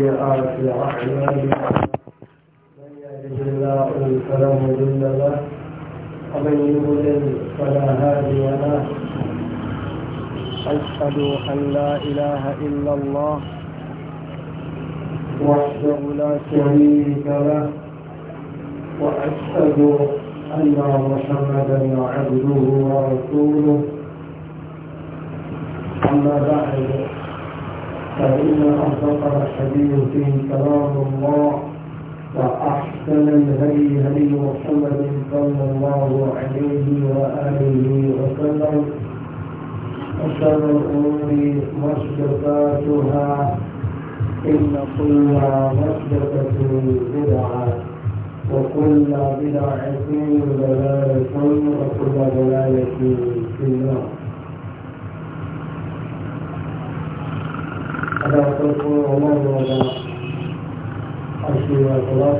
من يهده الله فلا مضل له ومن يضلل فلا هادي له أشهد أن لا إله إلا الله وحده لا شريك له وأشهد أن محمدا عبده ورسوله أما بعد فإن أصدق الحديث كلام الله وأحسن الهدي هدي محمد صلى الله عليه وآله وسلم وشر الأمور مشدقاتها إن كل مشدقة بدعة وكل بدعة ضلالة وكل ضلالة في النار على خلق الله وعلى عشر على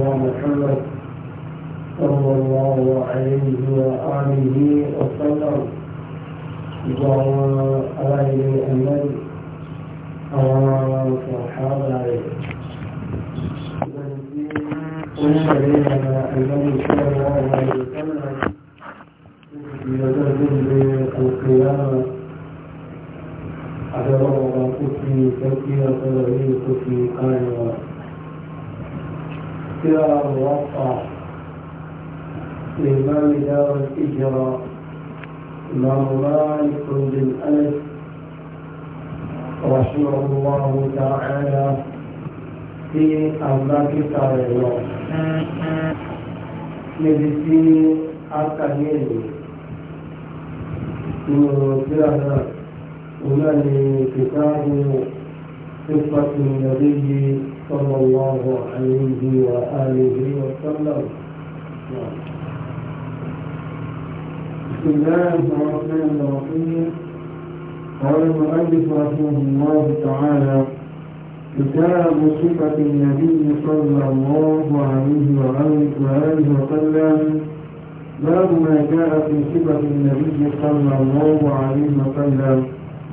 محمد صلى الله عليه وآله وسلم وعلى آله النبي وعلى صحابه ونبينا النبي صلى الله عليه وسلم يدرس بالقيامه adọ́rọ̀ wọn kó fi tẹ́kí ọ̀sọ̀rọ̀ yìí kó fi káyọ̀ wọn. síra wọn fà lè má lè dáwọ́ ìjọra ìmọ̀mọ́ra ìkùnjìn alẹ́ رحمه الله تعالى في أملاك تاريخ نبتي أكاديمي نور هنا لكتاب قصة النبي صلى الله عليه وآله وسلم نعم. بسم الله الرحمن الرحيم قال المؤلف رحمه الله تعالى كتاب صفة النبي صلى الله عليه وآله وسلم باب ما جاء في صفة النبي صلى الله عليه وسلم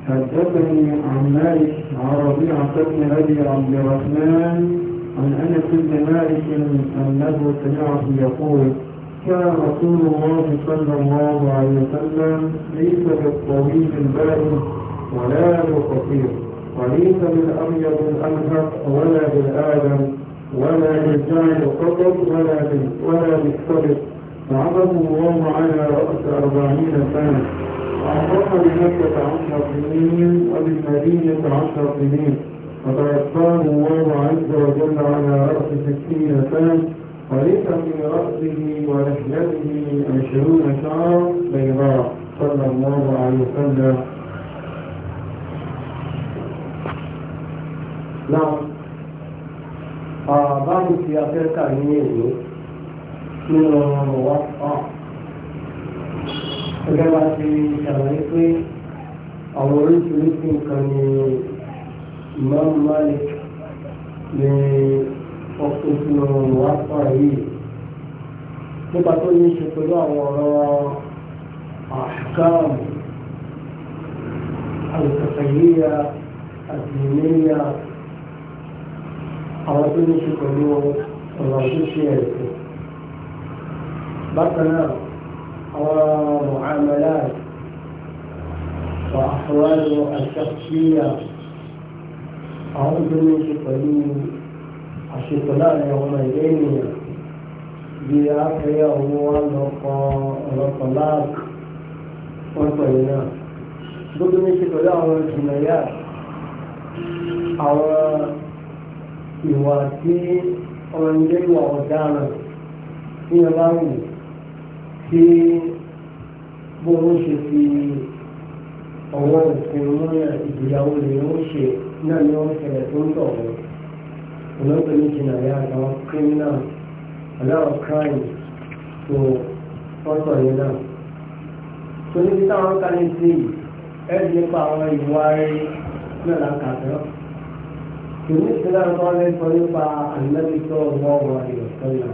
حدثني عن مالك عن ربيعة بن أبي عبد الرحمن عن أنس بن مالك أنه سمعه يقول كان رسول الله صلى الله عليه وسلم ليس بالطويل البارد ولا بالقصير وليس بالأبيض الازهق ولا بالآدم ولا بالجعل القطر ولا ولا بالصبر فعظم الله على رأس أربعين سنة وأنفقنا بمكة عشر سنين وبالمدينة عشر سنين وتوفاه الله عز وجل على رأس ستين سنة وليس من رأسه ولحيته عشرون شعر بيضاء صلى الله عليه وسلم نعم báwo ti afẹ́ká ní èyí gẹ́gẹ́ bá ti ṣàlàyé pé àwọn oríṣiríṣi nǹkan ni Imam Malik ní ọkọ̀ sínú wàásù yìí nípa tó ní ṣe pẹ̀lú àwọn ọ̀rọ̀ àṣkáàmù àlùkàfẹ̀yẹ́yà àdìmẹ́yà àwọn tó ní ṣe pẹ̀lú ọ̀rọ̀ àtúnṣe ẹ̀sìn bákan náà ومعاملات وأحواله الشخصية أعوذ من شيطان الشيطان يوم الدنيا بأخي والطلاق والطلاق ضد من شيطان والجنايات àwọn ìwà tí ọmọ ilé ìwà ọ̀daràn tí ẹ bá tí bó ń ṣe fi ọ̀wọ́n òfin múlẹ̀ ìgbéyàwó lè ń ṣe náà ni wọ́n ṣẹlẹ̀ tó ń tọ̀ wọ́n olóògbé ní jìnnà yá àwọn criminal aláwọ̀ crime tó ọ̀tọ̀ yẹn náà tó níbi táwọn kálí sí ẹ̀ nípa àwọn ìwà rẹ̀ náà lákàtọ́ kìíní ìṣẹ̀lẹ̀ àwọn ọmọ rẹ̀ sọ nípa àlùmẹ́bí tó wọ́n wọ́n rẹ̀ sọ́yà.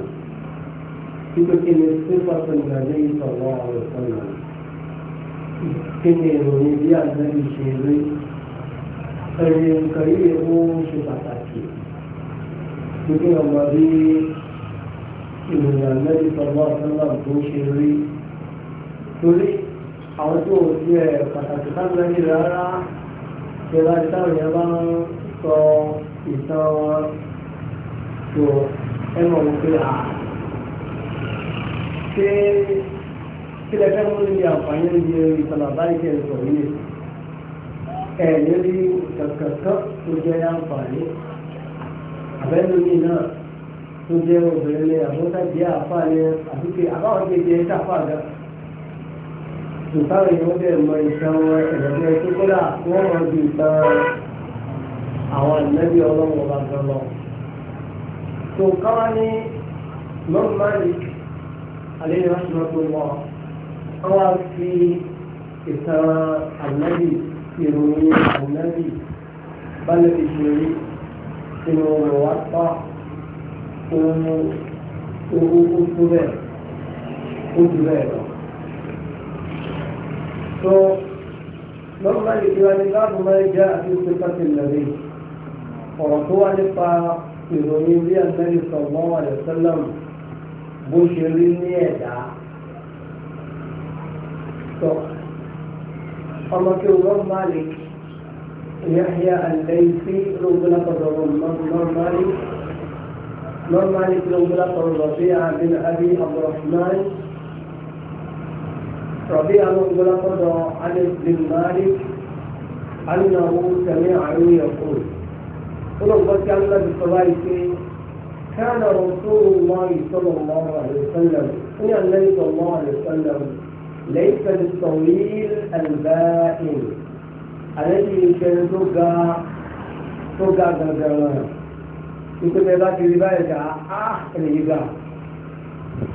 Títí kí ni sípàtì ìgbàlẹ́ ìsọ̀rọ̀ àwọn ìsọ̀nà. Kí ni ìròyìn bí àgbẹ̀bí ṣe rí? Ẹ̀yìn nǹkan yìí ó ṣe pàtàkì. Títí ọmọ bí ìròyìn àgbẹ̀bí ìsọ̀rọ̀ àtọ́nà tó ṣe rí. Torí àwọn tó ò sí ẹ̀ pàtàkì sáńgbẹ́ yìí rárá. Ìjọba ìtàn yẹn bá ń sọ ìtàn wọn. Tó ẹ mọ̀ wípé àá. Ah, ṣé kílẹ̀ fẹ́ mú níbi àǹfààní níbi ìsọ̀nà báyìí kẹ́ ẹ sọ yìí ẹ̀ lórí kankankan tó jẹ́ àǹfààní àbẹ́lú yìí náà tó jẹ́ obìnrin ní àbúkàdé àfààní àdúgbò àbáwọn kejì ẹ̀ ṣàfàgà ìtàwọn èèyàn bẹ̀rẹ̀ mọ ìtàn ẹ̀rọ̀dẹ́ tó kódà wọ́n mọ ju ìtàn àwọn ìnẹ́bí ọlọ́run ọba gan lọ. tó káwá ní lọ́ọ̀mánìkì عليه رحمة الله قال في كتاب النبي في رؤية النبي بل في شيء إنه موطأ وقبال قبال So, normal ìgbàlélàbù máa jẹ́ àfihàn pàtàkì lẹ́rìn ọ̀rọ̀ tó wá nípa ìròyìn bí àtẹ́lẹ̀ sọ̀rọ̀ àwọn àyẹ̀sẹ́lẹ̀mù bó ṣe rí ní ẹ̀dá tó ọmọ tí ó wọ́n Malik Yahya al-Laythi lóògbélá pọ̀lọ̀ Malik Imam Malik lóògbélá pọ̀lọ̀ Rabi'a bin Abi Abdurrahman Rabi'a lóògbélá pọ̀lọ̀ Anas bin Malik أنه سمعه يقول ولو بكى الذي صلى الله كان رسول الله صلى الله عليه وسلم إن النبي صلى الله عليه وسلم ليس بالطويل البائن الذي كان تقع تقع بالجمال nípa bẹ́ẹ̀ bá ti rí báyìí ká á ẹni yìí gbà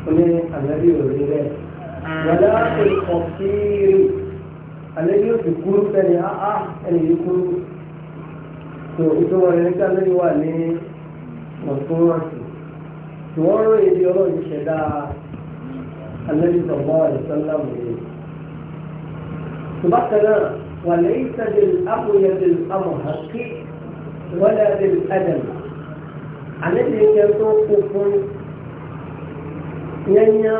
ó ní ànábì ò rí rẹ̀ wàlá ìkọ̀ kiri ànábì ò fi kúrú sẹ́ni á ẹni yìí kúrú tó ìtumọ̀ rẹ̀ nípa ànábì wà ní mọ̀tòrọ̀sì tí wọ́n rọ èdè ọlọ́run ṣẹ̀dá alẹ́sọ̀bọ̀ ìsọ́lámù rẹ̀. Tùbákan náà wà lẹ́yìn sẹ́dẹ̀ amòyẹ̀dẹ̀ amòhàkí wọ́lẹ́dẹ̀ ẹ̀dẹ̀m. Àlejò ẹ̀kẹ́ tó kú fún yẹ́nyá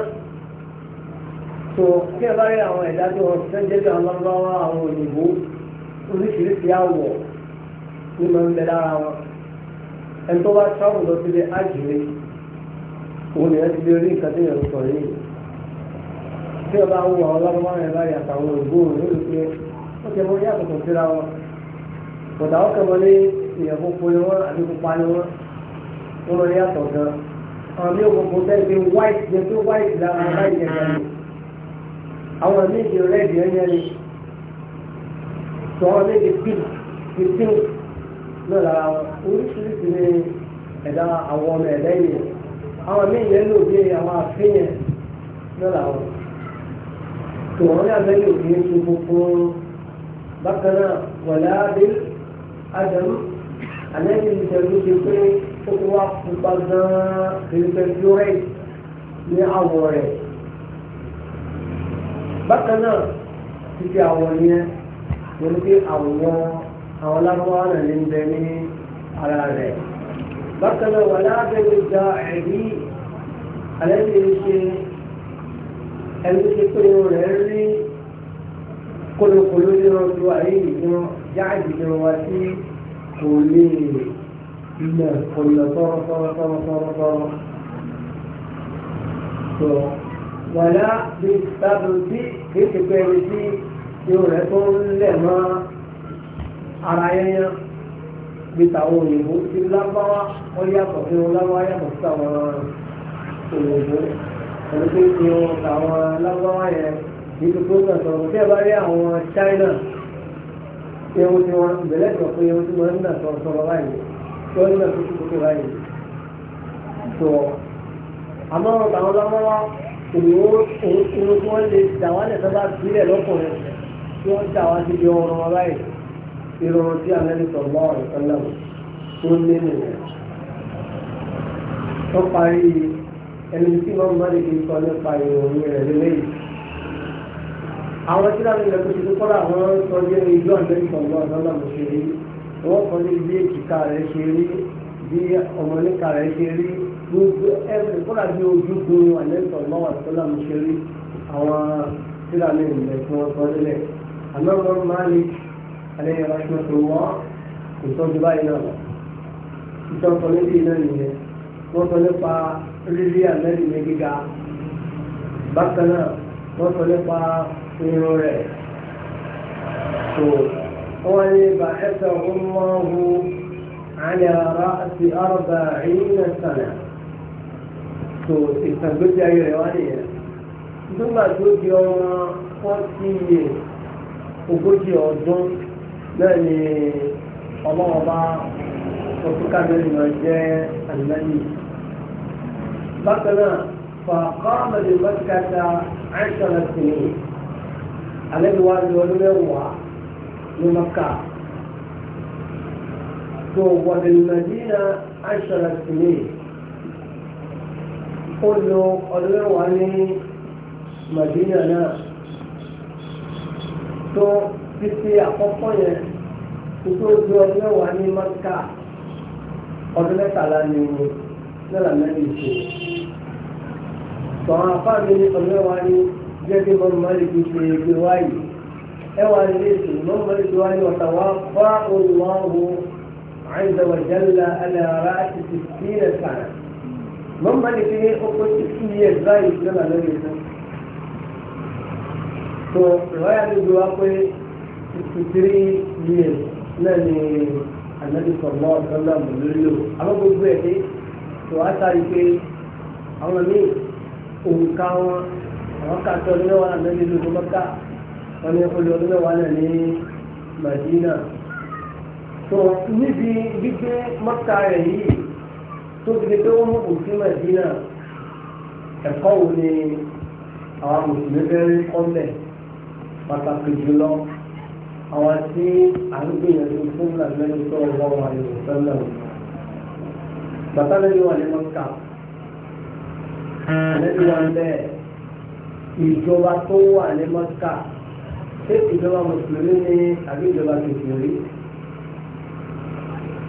tó kí ẹ bá rí àwọn ẹ̀dá tó wọ́n fẹ́ jẹ́ bí àwọn lọ́wọ́ àwọn òyìnbó oríṣiríṣi àwọ̀ ní máa ń bẹ lára wọn ẹni tó bá travel lọ sílé ájúwe òun nìyẹn ti lè rí nǹkan tí yẹn sọ yìí tí ọba ń wọ ọlọ́mọ rẹ báyìí àtàwọn ògbóhùn ní ìlú pé ó ti mú yàtọ̀ tó síra wọn kódà ó kẹ́ wọlé ìyẹn gbogbo ni wọn àti pupa ni wọn ó lọ yàtọ̀ gan àwọn mí ògbógbó bẹ́ẹ̀ bí white jẹ pé white lára báyìí yẹn gan ni àwọn méje red yẹn yẹn ni sọ àwọn méje pink pink lọ́la oríṣiríṣi ní ẹ̀dá àwọn ọmọ ẹ̀dá yẹn àwọn míì yẹn lò bí àwọn àfihàn lọ́la wọn. tó wọn ní abẹ́lé òkè ń ṣubú fún bákan náà wọ̀lá dé ádámù àlẹ́yìn ìṣẹ̀lú ṣe pé ó ti wá pupa gan-an kìrìkẹ́ fúrẹ́ ní àwọ̀ rẹ̀. bákan náà ti àwọ̀ yẹn wọ́n ní àwọ̀ wọn àwọn lábọ́wá náà ní bẹ ní ara rẹ̀ bákan náà wà lábẹ́rẹ́ gba ẹ̀rí alẹ́ lè ṣe ẹni ṣe pé rẹ̀ rí kólókóló nínú ju àyè ìdíwọ́n jáàjì ní wa tí kò lè ilẹ̀ kò lọ tọ́rọ́tọ́rọ́tọ́rọ́tọ́rọ́ tó wà lábẹ́rẹ́ gba ẹ̀rí tí yóò rẹ̀ tó ń lẹ̀ máa ara yẹnyẹn bí tàwọn òyìnbó ti lábáwá wọ́n yàtọ̀ sí wọn lábáwá yàtọ̀ sí àwọn òyìnbó pẹ̀lú pé kí wọn tàwọn lábáwá yẹn nínú program sọ̀rọ̀ bí ẹ bá rí àwọn China irun tí wọn bẹ̀rẹ̀ sọ pé irun tí wọ́n ń nà sọ̀rọ̀ sọ̀rọ̀ báyìí tí wọ́n ń nà tó kókó báyìí sọ àmọ́ tàwọn lábáwá òyìnbó irun tí wọ́n lè dà wálẹ̀ sábà sílẹ̀ lọ́kùnrin tí wọ́n dà wá síbi irun tí Ànábì sallallahu alaihi wasallam tó ní nìyẹn tó parí ẹni tí wọ́n mọ́ lè fi sọ nípa ìròyìn rẹ̀ lélẹ́yìí àwọn tí láti ilẹ̀ tó ti tó kọ́ra àwọn sọ jẹ́ ìjọ Ànábì sallallahu alaihi wasallam ṣe rí wọ́n kọ́ ní bí èkìká rẹ̀ ṣe rí bí ọmọ níka rẹ̀ ṣe rí gbogbo ẹ̀rẹ̀ kọ́ra bí ojúgun Ànábì sallallahu alaihi wasallam ṣe rí àwọn tí عليه رحمة الله ìtọ́jú báyìí náà lọ ìtọ́jú níbi iná nìyẹn wọ́n sọ nípa rírí àmẹ́rì ní gíga bákan náà wọ́n sọ nípa irun rẹ̀ tó wọ́n ní bàtẹ́tà ọmọọ̀hún àyàrá àti àrùbà ìyínà sànà tó ìtàgbéjà ayé rẹ̀ wá nìyẹn nígbà tó di ọmọ wọ́n ti yẹ ogójì ọdún náà ni ọlọ́wọ́ bá ọ̀túnká mẹ́rin náà jẹ́ àlùmẹ́lì bákan náà فقام بمكة عشر سنين على الوالد والمروة لمكة وبالمدينة عشر سنين كل المروة مدينة تو títí àkọ́kọ́ yẹn títí ó di ọdún mẹ́wàá ní mọ́tíkà ọdún mẹ́tàlá ni nílà mẹ́rin ṣe tọ̀hún àfáàmì ní ọdún mẹ́wàá ní gẹ́gẹ́ bọ́ mọ́lìkì ṣe gbé wáyé ẹwà ní èsì mọ́mọ́ mọ́lìkì wáyé ọ̀tà wá fá olùwàwò àìsàwàjálà alára àti tìtì rẹ̀ sàn mọ́mọ́ mọ́lìkì ní ọkọ̀ tìtì yẹ báyìí nílà mẹ́rin ṣe tó ìwáyà ló gbé wá pé tìtì náà ni ànábì sọ̀mọ́ ọ̀sánlá mọ̀lúlò àwọn gbogbo ẹ̀ ní tó wá sáré pé àwọn míì òǹkà wọn àwọn kàtọ́ ní wọn ànábì ló tó mọ́ká wọn ní olè ọdún mẹ́wàá náà ní Madina tó níbi gbígbé mọ́ká rẹ̀ yìí tó ti di pé wọ́n mú òfin Madina ẹ̀kọ́ wo ni àwọn mùsùlùmí fẹ́ rí kọ́ńbẹ̀ pàtàkì jùlọ àwọn tí à ń gbìyànjú fún àgbẹ̀yìn tó wọ́n wà ní ìfẹ́lẹ̀ o. bàtà lẹ́yìn wà ní mọ́kà lẹ́yìn hmm. wà bẹ́ẹ̀ ìjọba tó wà ní mọ́kà ṣé ìjọba mùsùlùmí ni àbí ìjọba kìkìrí?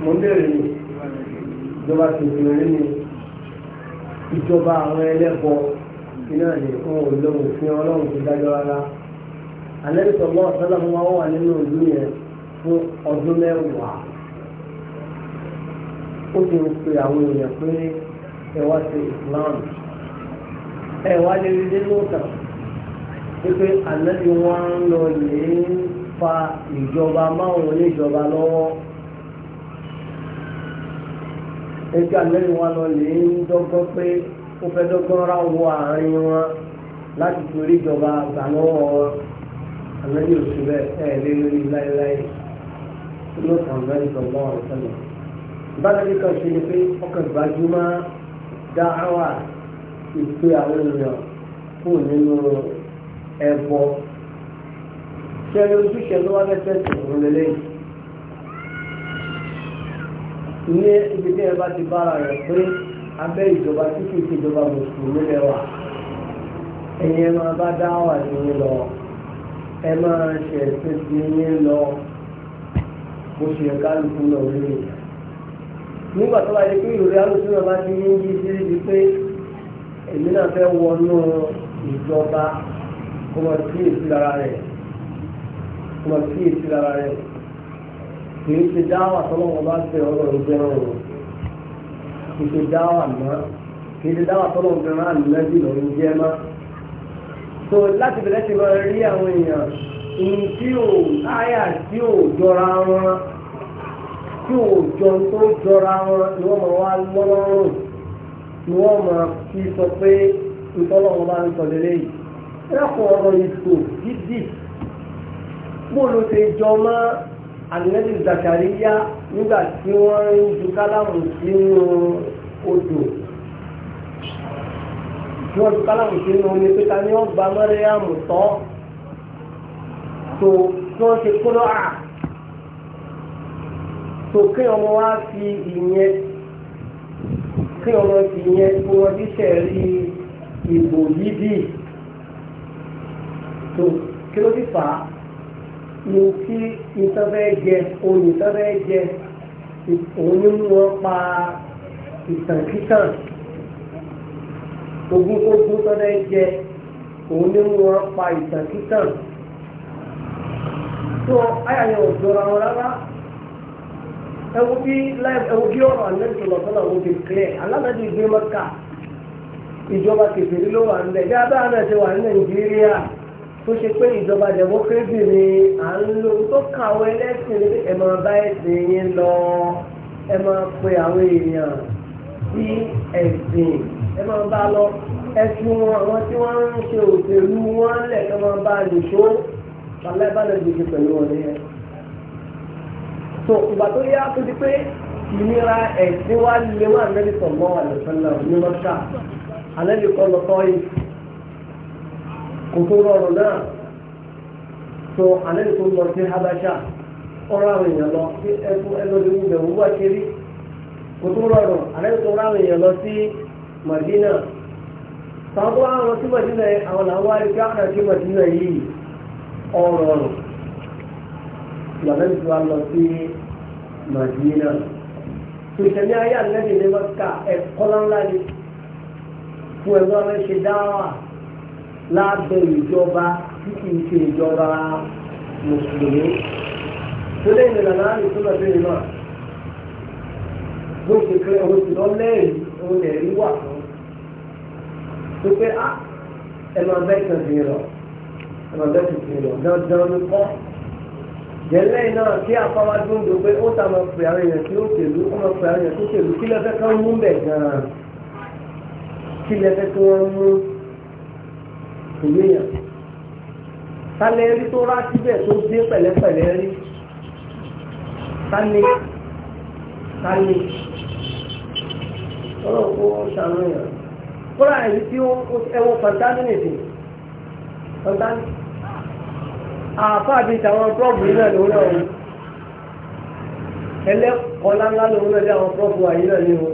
mo bẹ̀rẹ̀ ni ìjọba kìkìrí ni ìjọba àwọn ẹlẹ́bọ iná ni wọn ò lọ ọlọ́run tó dájọ́ rárá. àlẹ́bí sọ̀lọ́ ọ̀sẹ́lẹ̀ fún wa wà nínú ìlú yẹn fún ọdún mẹ́wàá ó ti ń pe àwọn èèyàn pé ẹ wá sí Islam ẹ wá lè rí nínú ìtàn wípé ń lọ lè fa ìjọba máwọn oníjọba lọ́wọ́ ẹgbẹ́ n'ọwọ. lọ lè ń dọ́gbọ́n pé ó fẹ́ dọ́gbọ́n ra àárín wọn láti torí ànábì òsì bẹ́ẹ̀ ẹ̀ lé lórí láéláé ló kàn náà ìsọ̀gbọ́n ọ̀rọ̀ sẹ́lẹ̀. ìbáraẹni kan ṣe ni pé ọkàn gbajúmọ̀ dáhàwà ìpè àwọn ènìyàn kù nínú ẹbọ. ṣé ẹni ojúṣe ló wá fẹ́ tẹ̀sí òun lélẹ́yìn? ní ibi tí ẹ bá ti bára rẹ̀ pé abẹ́ ìjọba tí kìí ṣèjọba mùsùlùmí lẹ́wà ẹ̀yin ẹ máa bá dáhàwà nínú lọ ẹ máa ṣe ẹ̀sìn sí yín lọ bó ṣe yẹ kálukú lọ rí nígbà tó bá yẹ pé ìròyìn alùpùpù náà bá ti ń yí sí ibi pé èmi náà fẹ́ wọnú ìjọba kó mọ̀ sí èsì lára rẹ̀ kó mọ̀ sí èsì lára rẹ̀ kì í ṣe dáwà tọ́lọ́wọ́ bá ṣe ọ̀rọ̀ ìjẹun rẹ̀ kì í ṣe dáwà náà kì í ṣe dáwà tọ́lọ́wọ́ bẹ̀rẹ̀ àlùmẹ́bí lọ́rùn jẹ́ máa so láti bẹ̀rẹ̀ ti máa rí àwọn èèyàn ìní tí ò táyà tí ò jọra wọn tí ò jọ tó jọra wọn ni wọ́n máa wá lọ́rùn ni wọ́n máa fi sọ pé ìtọ́lọ́wọ́n bá ń sọ lélẹ́ yìí ẹ̀kọ́ ọ̀rọ̀ ìtò dídì bóòlù ti jọ mọ́ àdínẹ́tì Zakariya nígbà tí wọ́n ń ju kálámù sínú odò tí wọ́n ti kálàmù sí inú ni pé ta ni wọ́n gba mọ́ríyàmù tọ́ tó tí wọ́n ti kúrò à tó kí ọmọ wa fi ìyẹn kí ọmọ fi ìyẹn kó wọn ti sẹ̀rí ìbò yìí bì tó kí ló ti fà á ní kí ìtọ́fẹ́ jẹ olùtọ́fẹ́ jẹ òun ní wọn pa ìtànkítàn ogúnkógún tọ́lẹ̀ jẹ òun ní wọn pa ìtàn títàn tó ayàyẹ òjòra wọn rárá ẹwú bí ẹwú bí ọ̀rọ̀ àlejò lọ́sọ́nà wọn ti kílẹ̀ alálẹ́dì ìgbé mẹ́ka ìjọba kẹfìrí ló wà nílẹ̀ bí abẹ́ àná ti wà ní nàìjíríà tó ṣe pé ìjọba democracy ni à ń lo tó kàwé lẹ́sìn ní máa bá ẹ̀sìn yín lọ ẹ máa pe àwọn èèyàn sí ẹ̀sìn ẹ máa bá lọ ẹ̀sìn wọn àwọn tí wọ́n ń ṣe òṣèlú wọn lẹ̀ kí wọ́n bá lè ṣó balẹ̀ balẹ̀ gbèsè pẹ̀lú wọn nìyẹn. tó ìgbà tó yá tó di pé ìnira ẹ̀sìn wa lè wà nẹ́bí sọ̀mọ́ àlùfẹ́lẹ̀ ní mọ́ṣá alẹ́ lè kọ́ lọ́tọ́ yìí kò tó rọrùn náà tó alẹ́ lè tó lọ sí habasha ọ̀rọ̀ àwọn èèyàn lọ sí ẹkú ẹlọ́dún ìgbẹ̀wò wá ṣe kò tún rọrùn àlẹ́ tó ráwọn èèyàn lọ sí Madina táwọn tó ráwọn lọ sí Madina yẹn àwọn làwọn wá rí pé àwọn àti Madina yìí ọrọrùn lọ́nà tí wọ́n lọ sí Madina tó ìṣẹ̀lẹ̀ ayé àlẹ́bí ní mọ́ká ẹ̀kọ́ ni fún ẹ̀rọ bó ṣe pé owó ti lọ lẹ́yìn òun lè rí wà fún tó pé á ah, ẹ máa bẹ́ ìtàn sí lọ ẹ máa bẹ́ ìtàn sí lọ dandan ló kọ́ jẹ́lẹ́ náà kí afáwá dúndùn pé ó ta máa pè àwọn èèyàn tí ó tèlú ó máa pè àwọn èèyàn tó tèlú kí lẹ́fẹ́ kan mú bẹ̀ gan-an kí lẹ́fẹ́ kí wọ́n mú ìléyàn tálẹ̀ rí tó rá síbẹ̀ tó dé pẹ̀lẹ́pẹ̀lẹ́ rí tálẹ̀ tálẹ̀ ọlọ́run kó ṣàánú yàn kóra èyí tí ẹwọ fantani nìsín fantani àfáàbí tàwọn prọ́ọ̀bù yìí náà lòun náà wò ẹlẹ́kọ̀ọ́ ńláńlá lòun náà dé àwọn prọ́ọ̀bù àyè náà ní o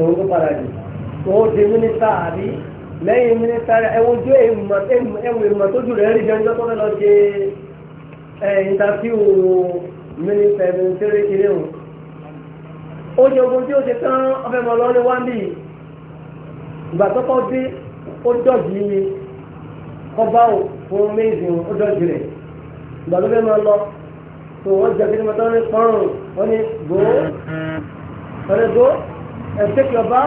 ẹ̀wọ̀n tó padà dì wọ́n di mínísítà àbí lẹ́yìn mínísítà ẹ̀wọ̀n jó ẹ̀wọ̀n ìmọ̀ tójú rẹ̀ rí jẹun tó fẹ́ ṣe ẹ̀ ìntàfíù mínísítà ẹ̀bùn tẹ́rẹ́ kiri o ó ní ogun tí ó ṣe tán ọfẹ́ mọ́ lọ́ọ́ ní wáńdì ìgbà tó kọ́ dé ó dọ̀jì ní kọ́bá ò fún méjì ó dọ̀jì rẹ̀ ìgbà tó fẹ́ mọ́ lọ tó wọ́n jẹ́ kíni mọ́tọ́ ní pọ́rùn wọ́n ní gbó wọ́n ní gbó ẹ̀ tẹ́kì ọba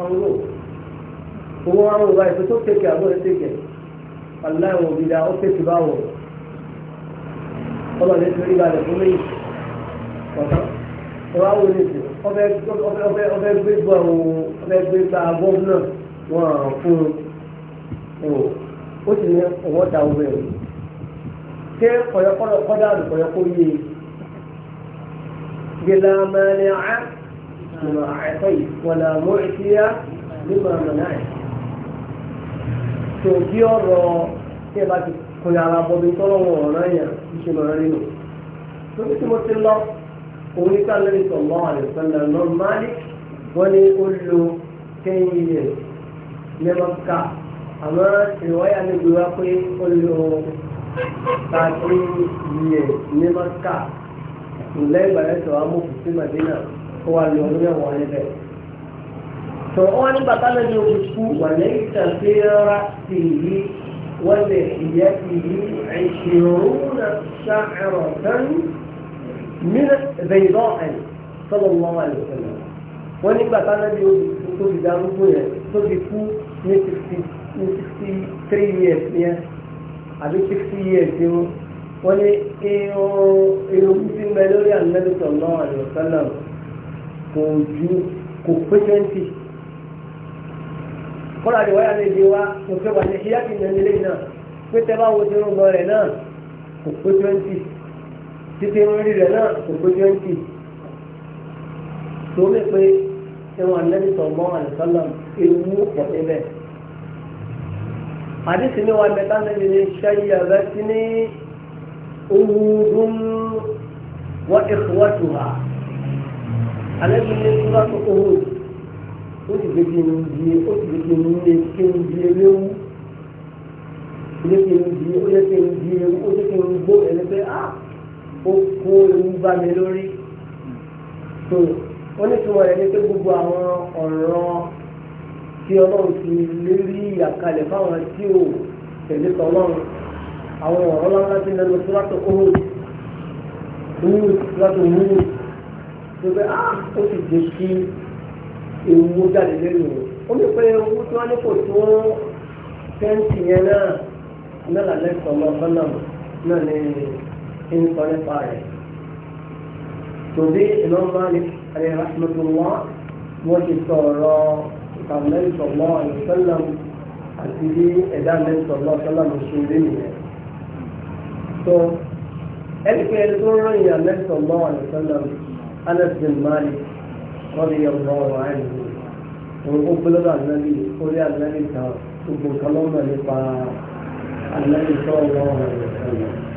ọ̀hún lò owó àwọn òwúrọ̀ ìfẹ́ tó tẹ́kì àbọ̀ ẹ̀ tẹ́kì aláìwọ̀ òbí da ó tẹ́kì báwọ̀ ọlọ́ọ̀lẹ́ torí balẹ̀ fún méjì ọ̀tán ẹwà wo ni sè ọbẹ̀ ọbẹ̀ ọbẹ̀ gbé gbọ́ àwọn ọbẹ̀ gbé gba gómìnà wọn à fún un ó sì ní ọwọ́ da ọbẹ̀ rẹ̀ ṣé kọ̀yọ̀kọ̀yọ̀ kọ́dà ló kọ̀yọ̀ kó yé gbẹlẹ amẹ́ni ẹ̀ nínú àìsàn yìí wọn là mú ìṣíyá nínú àmàlà ẹ̀ tó bí ọ̀rọ̀ tí ẹ bá ti kọ̀yọ̀ alábọ̀bí tọ́lọ́wọ̀ ọ̀ràn yẹn ìṣèlú ọ̀ràn nínú tó bí tí mo ti lọ oníkà lórí sọ̀mọ́ àlùfẹ́lẹ̀ nọ́málì wọ́n ní ó lo ten years ní mọ́ká àmọ́ ìrọ̀wáyà ní ìlú wa pé ó lo thirty years ní mọ́ká ìlẹ́ ìgbàlẹ̀ tó wà mú kùsí wà lo ọdún mẹ́wàá níbẹ̀. tó wọ́n ní bàtà náà ní oṣù kú wà ní ìtàfẹ́ra sí i wọ́n lè ìyá sí i ìṣòro náà ṣàárọ̀ sẹ́yìn. من بيضاء صلى الله عليه وسلم wọ́n nígbà tánábì tó fi darúgbó yẹn tó fi kú ní sixty three years yẹn àbí sixty years yẹn wọ́n ní irun tí ń bẹ lórí ànábì sallallahu alaihi wasallam kò ju kò pé twenty kọ́lá ni wáyà lè di wá kò fẹ́ wà ní ìyá kìnìún nílé náà pé tẹ́ bá wo ti rún rẹ̀ náà kò pé títí rí rẹ̀ náà kò pé twenty tó lè pé ẹwọn anabi sọgbọn alẹsọlọm ewu ọtẹ bẹ́ẹ̀ àdìsí ni wọn mẹ́ta níbi ní ṣẹyí ẹgbẹ sí ní owurun wọn ìfowópamọ́ wa alẹbi ní sọgbọn owó ó ti gbèsè ní di ó ti gbèsè ní ilé kí n di eléwu ilé kí n di ó yẹ kí n di ó yẹ kí n gbó ẹni pé ah ó kó ewu bá mi lórí tó wọ́n ní tiwọn rẹ̀ ní pé gbogbo àwọn ọ̀rọ̀ tí ọlọ́run ti lérí ìyàkalẹ̀ fáwọn tí ò tẹ̀lé tọ́lọ́run àwọn ọ̀rọ̀ ńláńlá ah, ti lẹ́nu tó látọ̀ kó hù hù látọ̀ hù hù tó pé á ó sì jẹ́ kí ewu jáde lẹ́nu ó ní pé ewu tí wọ́n ní kò tó tẹ́ǹtì yẹn náà náà lálẹ́ sọ̀rọ̀ ọ̀gbọ́n náà náà ní ń sọ nípa rẹ̀. tòbí Imam Malik alayhi rahmatullah wọ́n ti sọ ọ̀rọ̀ ìtàlẹ́ ìsọ̀lọ́ àlùsọ́lá àti bí ẹ̀dá mẹ́sọ̀lọ́ sọ́lá mọ̀ṣẹ́ ilé nìyẹn. tó ẹni pé ẹni tó rán ìyá mẹ́sọ̀lọ́ àlùsọ́lá Anas bin Malik radiyallahu anhu òun ó gbọ́dọ̀ ànábì orí ànábì kan gbogbo nǹkan lọ́mọ nípa ànábì tó ọ̀rọ̀ ọ̀rọ̀ ìsọ̀lọ́.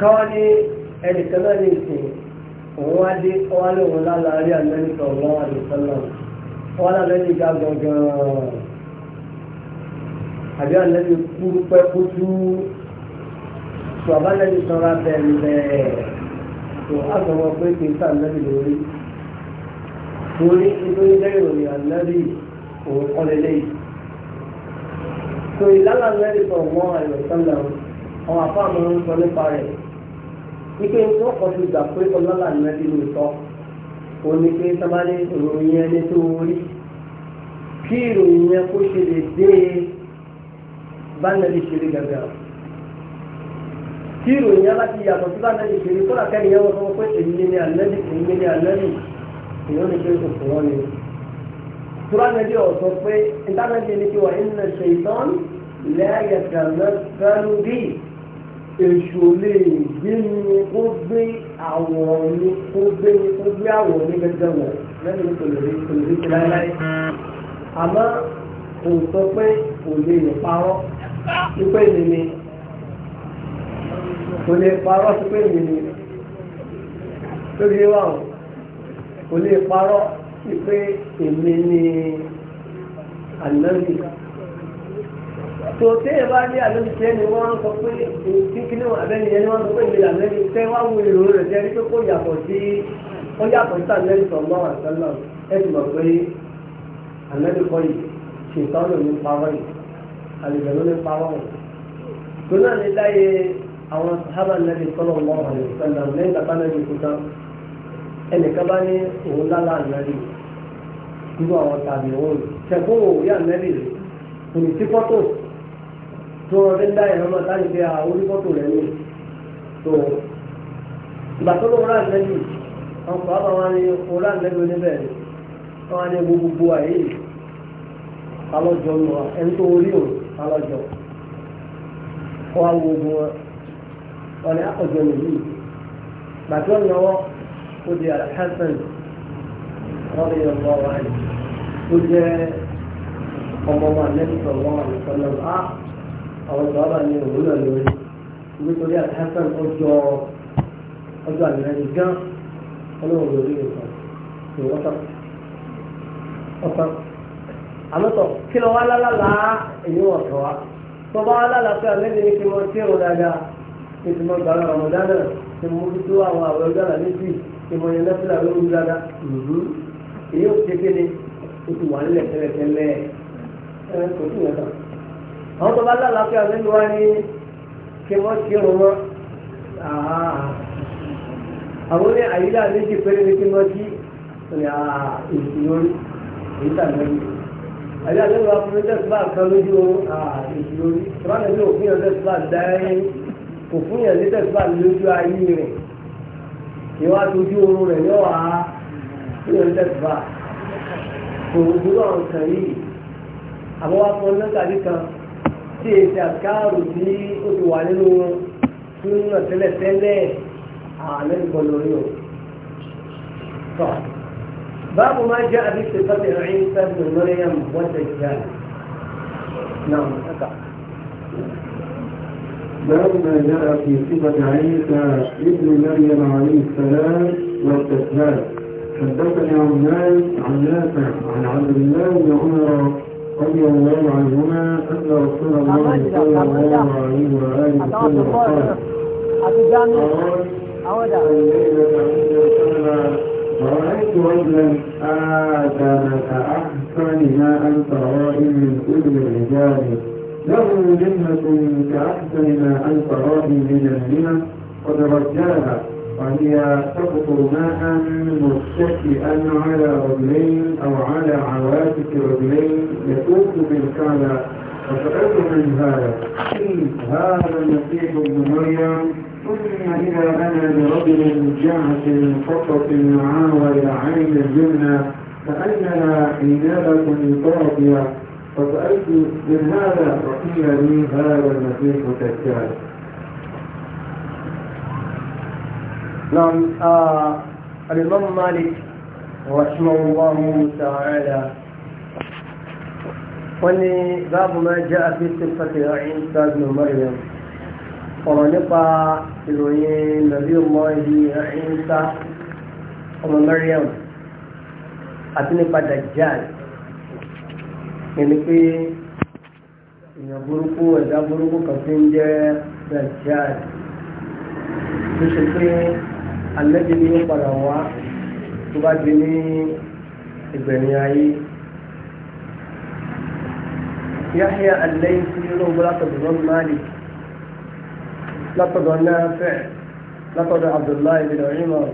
káwá dé ẹnìkan náà ní ìsìn òun wá dé ọwá lóun lára rí àmẹ́ríkà ọ̀gbọ́n wà nìkan náà ọwá lára ẹni ìjà gangan àbí àlẹ́bí kúrú pẹ́ kújú tó àbálẹ́bí sanra bẹ̀rẹ̀ tó àgbọ̀wọ́ pé kì í sàlẹ́bí lórí torí nítorí jẹ́ ìròyìn àlẹ́bí òun kọ́ lélẹ́yìí tó ìlànà àlẹ́bí sọ̀rọ̀ mọ́ àyọ̀sán náà àwọn ń sọ nípa rẹ̀ wípé tí wọ́n kàn fi gbà pé ọlọ́lá nàbí ló sọ ó ní pé sábàlẹ̀ ìròyìn ẹni tó rí kí ìròyìn yẹn kó ṣe lè dé bá nàbí ṣe lè gàgà tí ìròyìn yẹn bá ti yàtọ̀ sí bá nàbí ṣe lè kó làkẹ́ ìyẹn wọn sọ pé èmi ni ànábì èmi ni ànábì èèyàn ní pé òkú wọn ni. tura nàbí pé ìtànàbí ni kí wà ń ṣe ìtàn lẹ́yà kàmẹ́ fẹ́rù bíi èṣù lè gbé mi kó gbé àwọ̀ mi kó gbé mi kó gbé àwọ̀ mi gẹ́gẹ́ wọ̀ lẹ́nu kò lè rí kò lè rí ti láéláé àmọ́ kò sọ pé kò lè parọ́ pípé mi kò lè parọ́ pípé mi ni lórí wa o kò lè parọ́ pípé èmi ni ànábì tó tẹ́ ẹ àlóṣìṣẹ́ ni wọ́n sọ pé kíkínú abẹ́niyẹn ni wọ́n sọ pé ìlera lẹ́yìn tẹ́ wá wo èrò rẹ̀ tẹ́ rí pé kó yàtọ̀ sí ó yàtọ̀ sí àlẹ́yìn sọ̀rọ̀ àwọn àṣálà ẹ ti mọ̀ pé àlẹ́yìn kọ́ yìí ṣètọ́nù ní parọ́ yìí àlùbẹ̀rù ní parọ́ yìí tó náà ní láyé àwọn sábà lẹ́yìn sọ́nà ọmọ àlùsọ̀là lẹ́yìn ní òun lálá tó wọn fi ń dá ìran náà láti fi orí fọ́tò rẹ̀ ní tó ìgbà tó lóun ráàlì lẹ́bí àwọn kò ni wọn ní gbogbo àyè alọ́jọ́ nù ẹni tó orí òun alọ́jọ́ wọn á wo gbogbo wọn wọn ní akọ̀jọ́ nìyí gbàtọ́ náwó ó di alhassan rọ́bì ọ̀gbọ́n wa ni ó jẹ́ ọmọ wa lẹ́yìn tó àwọn ìjọba ní òun náà lórí nítorí àtàkùn ọjọ́ ọjọ́ àmìlẹ́ni gan ọlọ́run lórí nìkan tó wọ́tọ̀ ọ̀tọ̀ àmọ́tọ̀ kí lọ wá lálálà èyí wọ̀ tọ̀ wá tó bá wá lálà pé àmẹ́ni ní kí wọ́n tí ìrùn dáadáa ní ti mọ gbàrà ọ̀mọ̀dá náà ti mú tó àwọn àwẹ̀ ọjọ́ àlà níbi ìmọ̀ yẹn lọ́sílà lórí dáadáa mm-hmm. èyí ò ṣe kéde ó ti wà nílẹ̀ tẹ́lẹ̀tẹ́lẹ̀ ẹ̀ kò tí ì àwọn tó bá lálàáfíà nílùú wa ní kí wọ́n ti rùn wọn àwọn ní àyílá méjì péré ní kí wọ́n ti ìsìlórí èyí tàbí àyílá lẹ́nu wa fún ẹgbẹ́ sílá kan lójú ìsìlórí ìsìlórí ní òfin ẹgbẹ́ sílá dáẹ́rẹ́ kò fún yẹn lẹ́tẹ̀ sílá lójú ayé rẹ̀ ìwà tójú oorun rẹ̀ yọ̀ wá fún yẹn lẹ́tẹ̀ sílá kò gbúdọ̀ nǹkan yìí àwọn wa fún ọlọ́gàdì kan. tí èsì àkáàrù tí ó ti wà nínú fún ọ̀tẹ́lẹ̀tẹ́lẹ̀ ààrẹ ìgbọ̀nà orí o. tọ́ báàbù máa jẹ́ àbíṣe sọ́tẹ̀ rìn sẹ́gun mọ́ríyàm wọ́n ti jẹ́ náà ẹ̀ka. باب ما جاء في صفة عيسى ابن مريم عليه السلام والتسليم حدثني عن مالك عن نافع عن عبد الله بن عمر رضي الله عنهما أن رسول الله صلى الله عليه وآله وسلم قال رأيت رجلا آدم كأحسن ما أنت رائي من كل الرجال له جنة كأحسن ما أنت رائي من الجنة قد رجاها وهي تقطر ماء متكئا على رجلين أو على عواتق رجلين يطوف بالكعبة فسألت من هذا هذا المسيح ابن مريم ثم إذا أنا برجل جعت فقط معاه عين الجنة فأنها عنابة طافية فسألت من هذا وقيل لي هذا المسيح تكاد نعم الإمام مالك رحمه الله تعالى وني باب ما جاء في صفة عيسى بن مريم ورنقى إلوين نبي الله عيسى بن مريم أتنقى دجال يعني في èèyàn burúkú ẹ̀dá burúkú kan fi ń jẹ́ dajjal tó ṣe pé alẹ́bí ni ó padà wá tó bá di ní ìgbẹ̀yìn ayé yáhíà alẹ́yìn tí ó lóun látọ̀dọ̀ lọ́n máàlì látọ̀dọ̀ náà fẹ́ látọ̀dọ̀ abdullahi bin ọ̀hìnmọ̀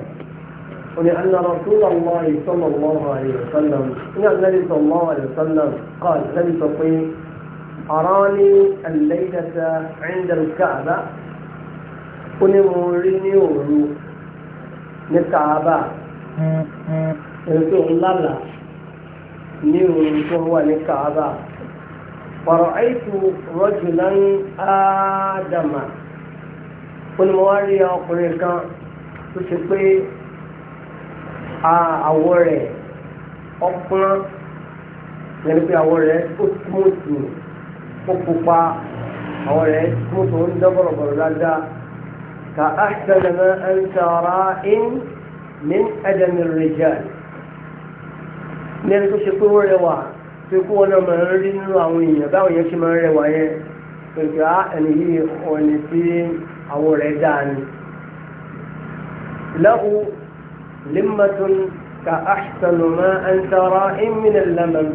oni anna rasulallahi sallallahu alayhi wa sallam ina nabi sallallahu alayhi wa sallam qaal nabi sọ pé arani al-laylata 'inda al-ka'ba oni mo rí ní òru ní kaaba èso ńlára ní òun tó wà ní kaaba wàrọ̀ àìsù rajulan ádámà olùmọ̀wárí ọkùnrin kan tó ṣe pé àwọ̀ rẹ̀ ọkùnrin yẹn pé àwọ̀ rẹ̀ ó túmọ̀ ó pupa àwọ̀ rẹ̀ túmọ̀ ó ń dọ́gbọ̀rọ̀gbọ̀rọ̀ dáadáa. كأحسن ما أنت راء من أدم الرجال nínú tó ṣe pé wọ́n rẹwà tó kó wọn náà máa ń rí nínú àwọn èèyàn báwọn yẹn ṣe máa ń rẹwà yẹn pèsè á ẹni yìí ọ̀nì sí àwọn rẹ̀ dáa ni. lahu limmatun ka ahsanu ma an tara imina lamam.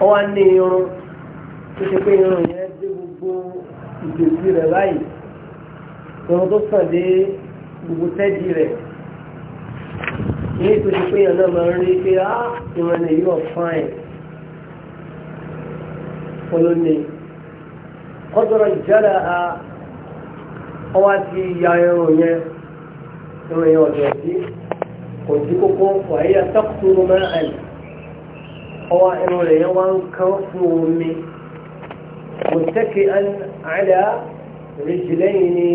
ó wá ní irun tó ṣe pé irun yẹn dé gbogbo ìgbésí rẹ̀ báyìí tòun tó sàn dé gbogbo tẹ́jì rẹ̀ ní ìtòjú pé èèyàn náà máa ń rí pé á ìwọ̀n ni yóò fáìn olóni kọ́tọ̀rọ̀ ìjádà á ọwá ti ya ẹrùn yẹn ẹrùn yẹn ọ̀dọ̀ sí kò sí kókó wàyí àtàkùnrin máa ẹ̀ ọwá ẹrùn rẹ̀ yẹn wá ń kán fún omi mùtẹ́kì àdá rìjìlẹ́yìn ni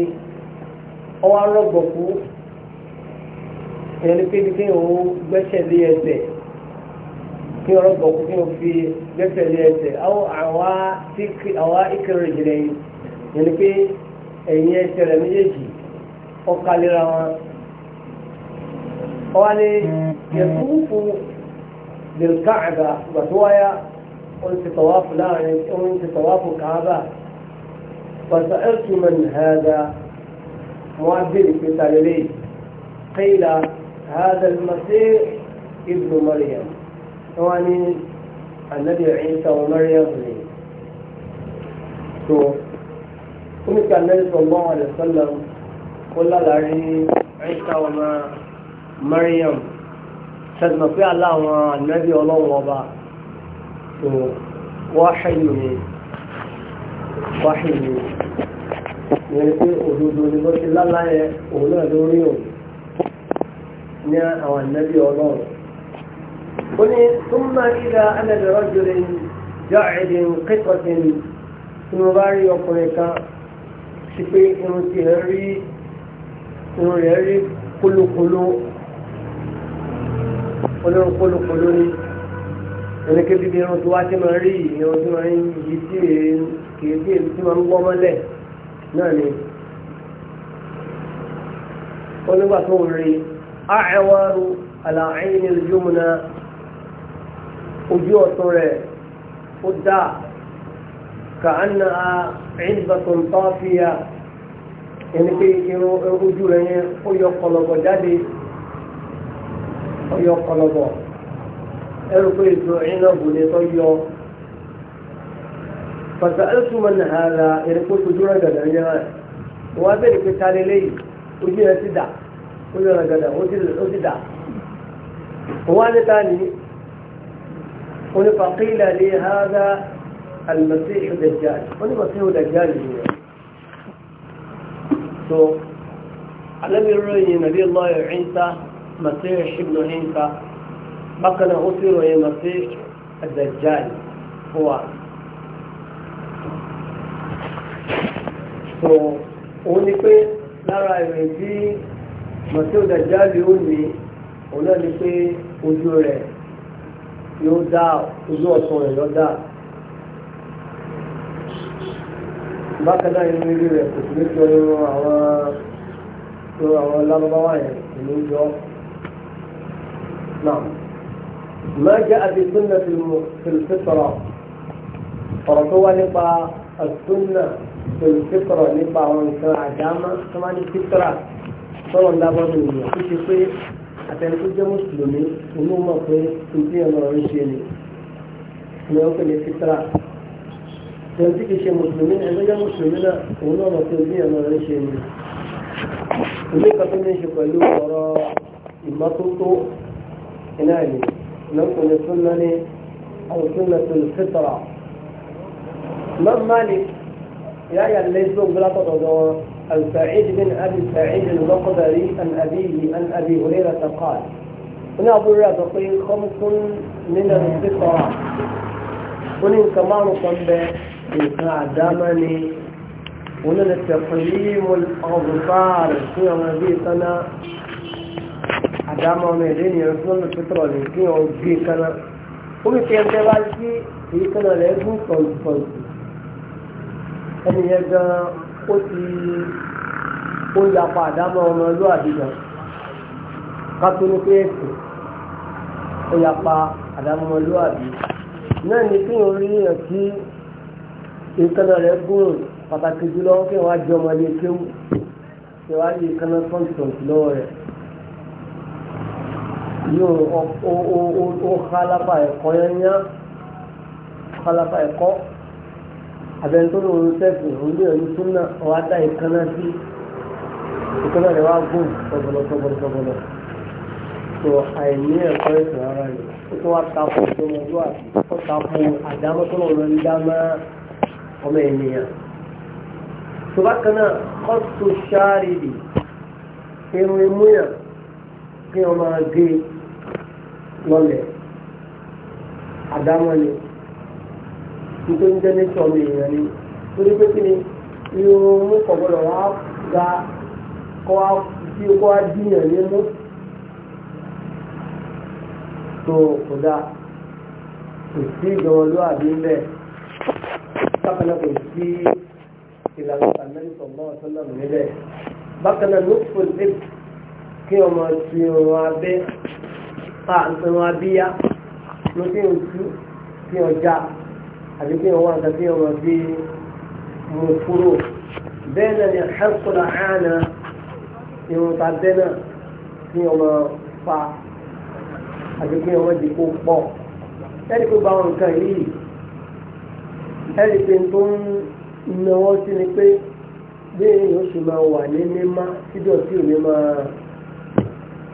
ọwọ́ arọ́gbọ̀kú ìyẹn ni pé kí n ò gbẹ́sẹ̀ lé ẹsẹ̀ kí n rọ́gbọ̀kú kí n fi gbẹ́sẹ̀ lé ẹsẹ̀ àwọn àwa ìkẹrẹ ìjìnlẹ̀ yìí ìyẹn ni pé ẹ̀yìn ẹsẹ̀ rẹ̀ méjèèjì ọkàlera wọn ọwọ́ ni yẹ̀fúfú lèkàgà gbàtúwáyà ó ń ti tọ̀wáfù láàrin ó ń ti tọ̀wáfù kàábà pàṣẹ ẹ̀kí mọ̀ nìhàdà. مؤذن في تعليلين قيل هذا المسير ابن مريم يعني النبي عيسى ومريم ثم كان النبي صلى الله عليه وسلم قل لعلي عيسى وما مريم سلم في الله والنبي الله وبا تو واحد وحي ìyẹn pé òdodo ni bó ṣe lálá yẹn òun náà ló rí òun ní àwọn ànábì ọlọ́run. ó ní túmọ̀ ìlà anàbẹ̀rọ̀ jùlọ jọ ẹ̀dẹ̀ kẹ́kọ̀ọ́sẹ̀ ni tí mo bá rí ọkùnrin kan sí pé irun ti rẹ̀ rí irun rẹ̀ rí kólókóló olórun kólókóló ni ẹnikẹ́ni bí irun tó wá sí máa rí irun tí máa ń yí sí èé kì í sí èyí tí máa ń gbọ́ mọ́lẹ̀. náà ni onígbà tó ń rí àẹwàrú àlàáyìn ní ìjọmọ̀nà ojú ọ̀tún rẹ̀ ó dá kàánà ìbàtàn tọ́fíà ẹni pé irun ojú rẹ̀ yẹn ó yọ kọlọ̀bọ̀ jáde ó yọ kọlọ̀bọ̀ ẹrù pé ìnáwó ni tó yọ فسألت من هذا يقول كنت جونا قد عندما وأبني كنت علي لي وجينا تدع وجينا قد وتدع وأنا ثاني قل فقيل لي هذا المسيح الدجال قل مسيح الدجال هو so النبي يروني نبي الله عيسى مسيح ابن عيسى بقنا أسر مسيح الدجال هو so òun ni pé lára ìrìn tí mọ̀tí òdàjáde ó ní òun náà ni pé ojú rẹ̀ yóò dá ojú ọ̀sán rẹ̀ yóò dá bákan náà inú ilé rẹ̀ kò sí ní nínú àwọn nínú àwọn lábábáwá yẹn ìlú jọ náà máa jẹ́ àti súnà fìlùfẹ́ sọ̀rọ̀ ọ̀rọ̀ tó wá nípa àsúnà pẹ̀lú fíkọ̀rọ̀ nípa àwọn nǹkan àdámá tó máa ní fíkọ̀rà tọ́lọ̀ ń dábọ́ ní ìlú tó ṣe pé àtẹni tó jẹ́ mùsùlùmí inú mọ̀ pé ojú ẹ̀rọ ń ṣe ni ni wọ́n pè ní fíkọ̀rà tẹ̀lé tí kìí ṣe mùsùlùmí ẹni jẹ́ mùsùlùmí náà òun náà mọ̀ pé ojú ẹ̀rọ ń ṣe ni ilé kan tó ní ṣe pẹ̀lú ọ̀rọ̀ ìmọ́tótó iná lọ́kùnrin tó يا يا اللي يسلوك بلا تقدر السعيد بن أبي سعيد المقدري أن أبيه أن أبي هريرة قال هنا أبو هريرة تقول خمس من الفطرة ونين كمان صنبه يقع دمني ونين التقليم الأغفار كنا نبي سنة عدام ومدين يرسلون الفطرة لكي يوجي كنا ومكي انتبالكي يكنا لازم صنبه ẹni yẹn gan ó ti ó yapa àdámọ́ ọmọ ìlú àdìgbà kátó ní pé ẹ̀sìn ó yapa àdámọ́ ọmọ ìlú àdìgbà náà ni kí n rí yàn kí ìkànnà rẹ̀ gùn pàtàkì jùlọ kí wọ́n á jẹ ọmọdé kéwù kí wọ́n á ìkànnà tọ́ǹtọ̀ǹtì lọ́wọ́ rẹ̀ yóò ó ó ó ó kálápá ẹ̀kọ́ yẹn yá kálápá ẹ̀kọ́ àbẹ̀ntólò ń sẹ́sìn òun ní ọ̀yún tún náà ọ̀wá dá ìkànnà sí ìkànnà rẹ̀ wá gùn tọ̀bọ̀lọ̀ tọ̀bọ̀lọ̀ tọ̀bọ̀lọ̀ tó àìní ẹ̀kọ́ ìsìn ara rẹ̀ ó tó wá takò tó mọ ojú àti ó takò àdámọ́ tó lọ́wọ́ ń dá má ọmọ ènìyàn. tó bá kan náà kọ́tù ṣáàrìdì irun imúyàn kí wọ́n máa gé lọ́lẹ̀ àdámọ́ ni nítorí ń jẹ́ nẹ́tọ̀ mi èèyàn ni torí pé kí ni irun mú kọ̀gbọ́dọ̀ wá ga kọ́ wá tí ó kọ́ wá díyàn ní mú tó kò dáa kò sí ìjọmọlúwàbí ń bẹ̀ bákan náà kò sí ìlànà ìsàmẹ́lì sọ̀gbọ́n ọ̀sọ́lọ̀ mi níbẹ̀ bákan náà ló fò lè kí ọmọ ti irun abẹ́ pa irun abíyá ló ti ń tú kí ọjà àbí kí wọ́n wá nǹkan tí wọ́n fi mú kúrò bẹ́ẹ̀ náà ni ẹ̀kọ́lá àánà irun ta bẹ́ẹ̀ náà kí wọ́n máa fa àbí kí wọ́n di kó pọ̀ ẹni pé báwọn nǹkan yìí ẹni pé tó ń náwó sí ni pé bí èèyàn ṣe máa wà ní mímá sídọ̀ tí ò ní máa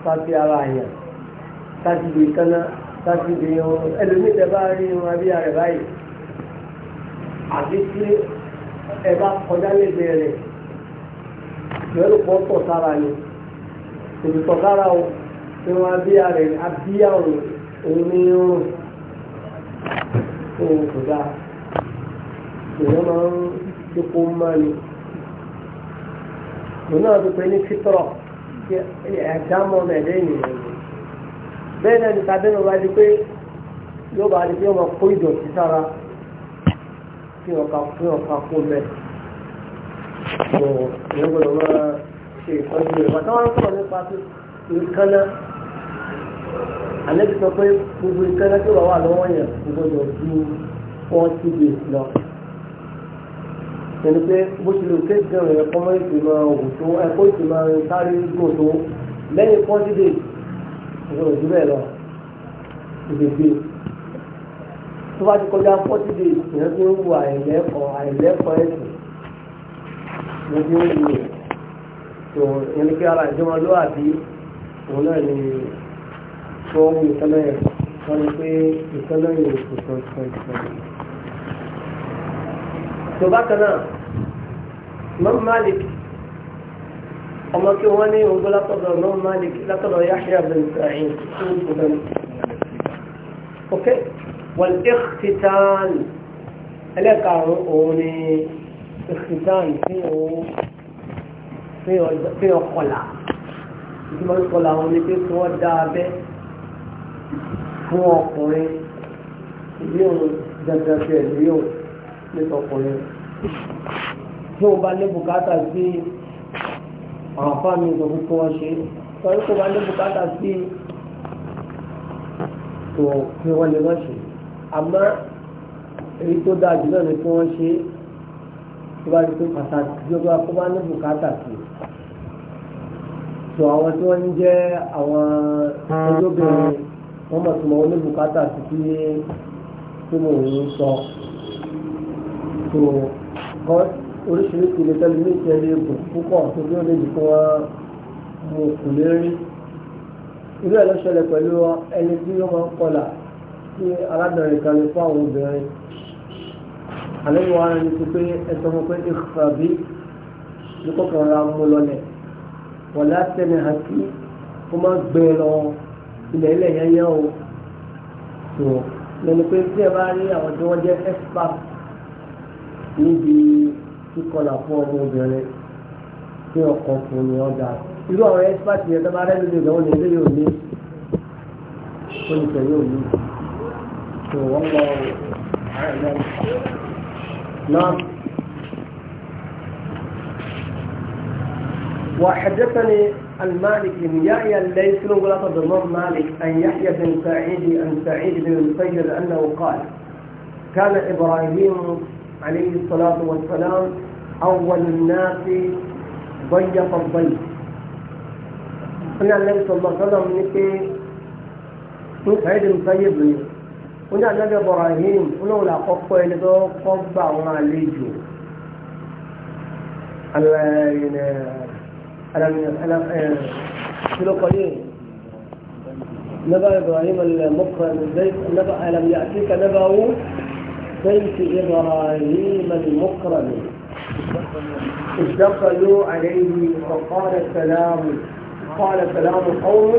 sáfi ara àyàn sáfi di kaná sáfi di ẹlòmíì tẹ bá rí irun abíyá rẹ̀ báyìí àbí tí ẹ bá kọjá lẹ́gbẹ̀ẹ́ rẹ̀ lọ́rọ̀ pọ̀ tọ̀ sára ni òbí tọ̀ sára o tí wọ́n abíyá rẹ̀ abíyá òun ní irun òun kò dáa èèyàn máa ń dípò máa ni òun náà tó pe ní fítọ̀rọ̀ ẹ̀dá mọ́ ọmọ ẹ̀dá ni bẹ́ẹ̀ náà ní tàbí ní wọ́n bá di pé yóò bá di pé wọ́n kó ìdọ̀tí sára kí ọ̀ka fún ọ̀ka kó mẹ́ ọ̀ ìyẹn gbọ́dọ̀ máa ṣe ìtọ́jú rẹ̀ bàtà wọn sọ̀rọ̀ nípa ìkànnà àlẹ́ ti sọ pé gbogbo ìkànnà tí wàá wà lọ́wọ́ yẹn gbọ́dọ̀ ju forty days lọ ẹni pé bó ṣe lè ké jẹun rẹ̀ kọ́mọ́ ìgbìmọ̀ òwò tó ẹ̀kọ́ ìgbìmọ̀ sáré gùn tó lẹ́yìn forty days gbọ́dọ̀ lọ ìgbègbè tó bá ti kọjá forty days ìyẹn tó ń wo àìlẹ́kọ̀ọ́ àìlẹ́kọ̀ọ́ ẹ̀sìn ló ti ń wo tó ìyẹn ní kí ara ìjọmọlúwàbí òun náà ni tó ń wo ìtọ́lẹ̀ ẹ̀ wọ́n ní pé ìtọ́lẹ̀ yìí kò tó ìtọ́ ìtọ́ tó bá kan náà mọ́mú Malik ọmọ kí wọ́n ní ogun látọ̀dọ̀ mọ́mú Malik látọ̀dọ̀ Yahya bin Sa'id tó ń kú lẹ́nu. والاختتان ẹlẹ́karùn-ún ni ìfìtàn fi ọkọlà ìtumọ̀ ìkọlà wọn ni pé kí wọ́n dá abẹ́ fún ọkùnrin yóò dandan fi ẹ̀lú yóò nípa ọkùnrin tí wọ́n bá ní bùkátà sí àwọn afáàmì ìgbòho tí wọ́n ṣe tọ́jú tó bá ní bùkátà sí tó kí wọ́n lè wọ́n ṣe àmọ́ èyí tó dáa jù náà ni kí wọ́n ṣe tó bá di pé pàtàkì ìjọba kó bá ní bùkátà sí i tó àwọn tí wọ́n ń jẹ́ àwọn ọjọ́bìnrin wọ́n mọ̀ tó mọ oníbùkátà sí kí tí mo ń sọ tó kọ́ oríṣiríṣi ilé tẹ́lẹ̀ ní ìṣẹ̀lẹ̀ ègbò púpọ̀ tó bí ó lè di kí wọ́n mú kù lérí irú ẹ̀ ló pẹ̀lú ẹni tí ó máa ń kọlà tí alábẹ̀rẹ̀ kan lè fún àwọn obìnrin àlẹ́wọ̀ ara ní pé ẹsọ fún pé ìfàbí ní kọ̀ọ̀kan ra mú lọlẹ̀ wọ́n látẹ̀lẹ̀ àti ó máa gbẹ e lọ ilẹ̀ ilẹ̀ yányá o tó lẹ́nu pé tí ẹ bá rí àwọn tí wọ́n jẹ́ expert níbi kíkọlà fún ọmọ obìnrin tí ọkọ̀ fún ni ọ̀dà irú àwọn expert yẹn tó bá rẹ́ lóde ìdánwò ní ilé yóò ní ó ní sọ yóò نعم وحدثني المالك بن يحيى الليث نقول أتضمر مالك أن يحيى بن سعيد أن سعيد بن المسيب أنه قال كان إبراهيم عليه الصلاة والسلام أول الناس ضيق الضيق أنا النبي صلى الله عليه وسلم نكي سعيد بن المسيب ní àdájọ́ bọ̀rọ̀ yìí olóhùn àkọ́kọ́ ẹni tó kọ́ bá àwọn àlejò ادخلوا عليه فقال السلام قال السلام قوم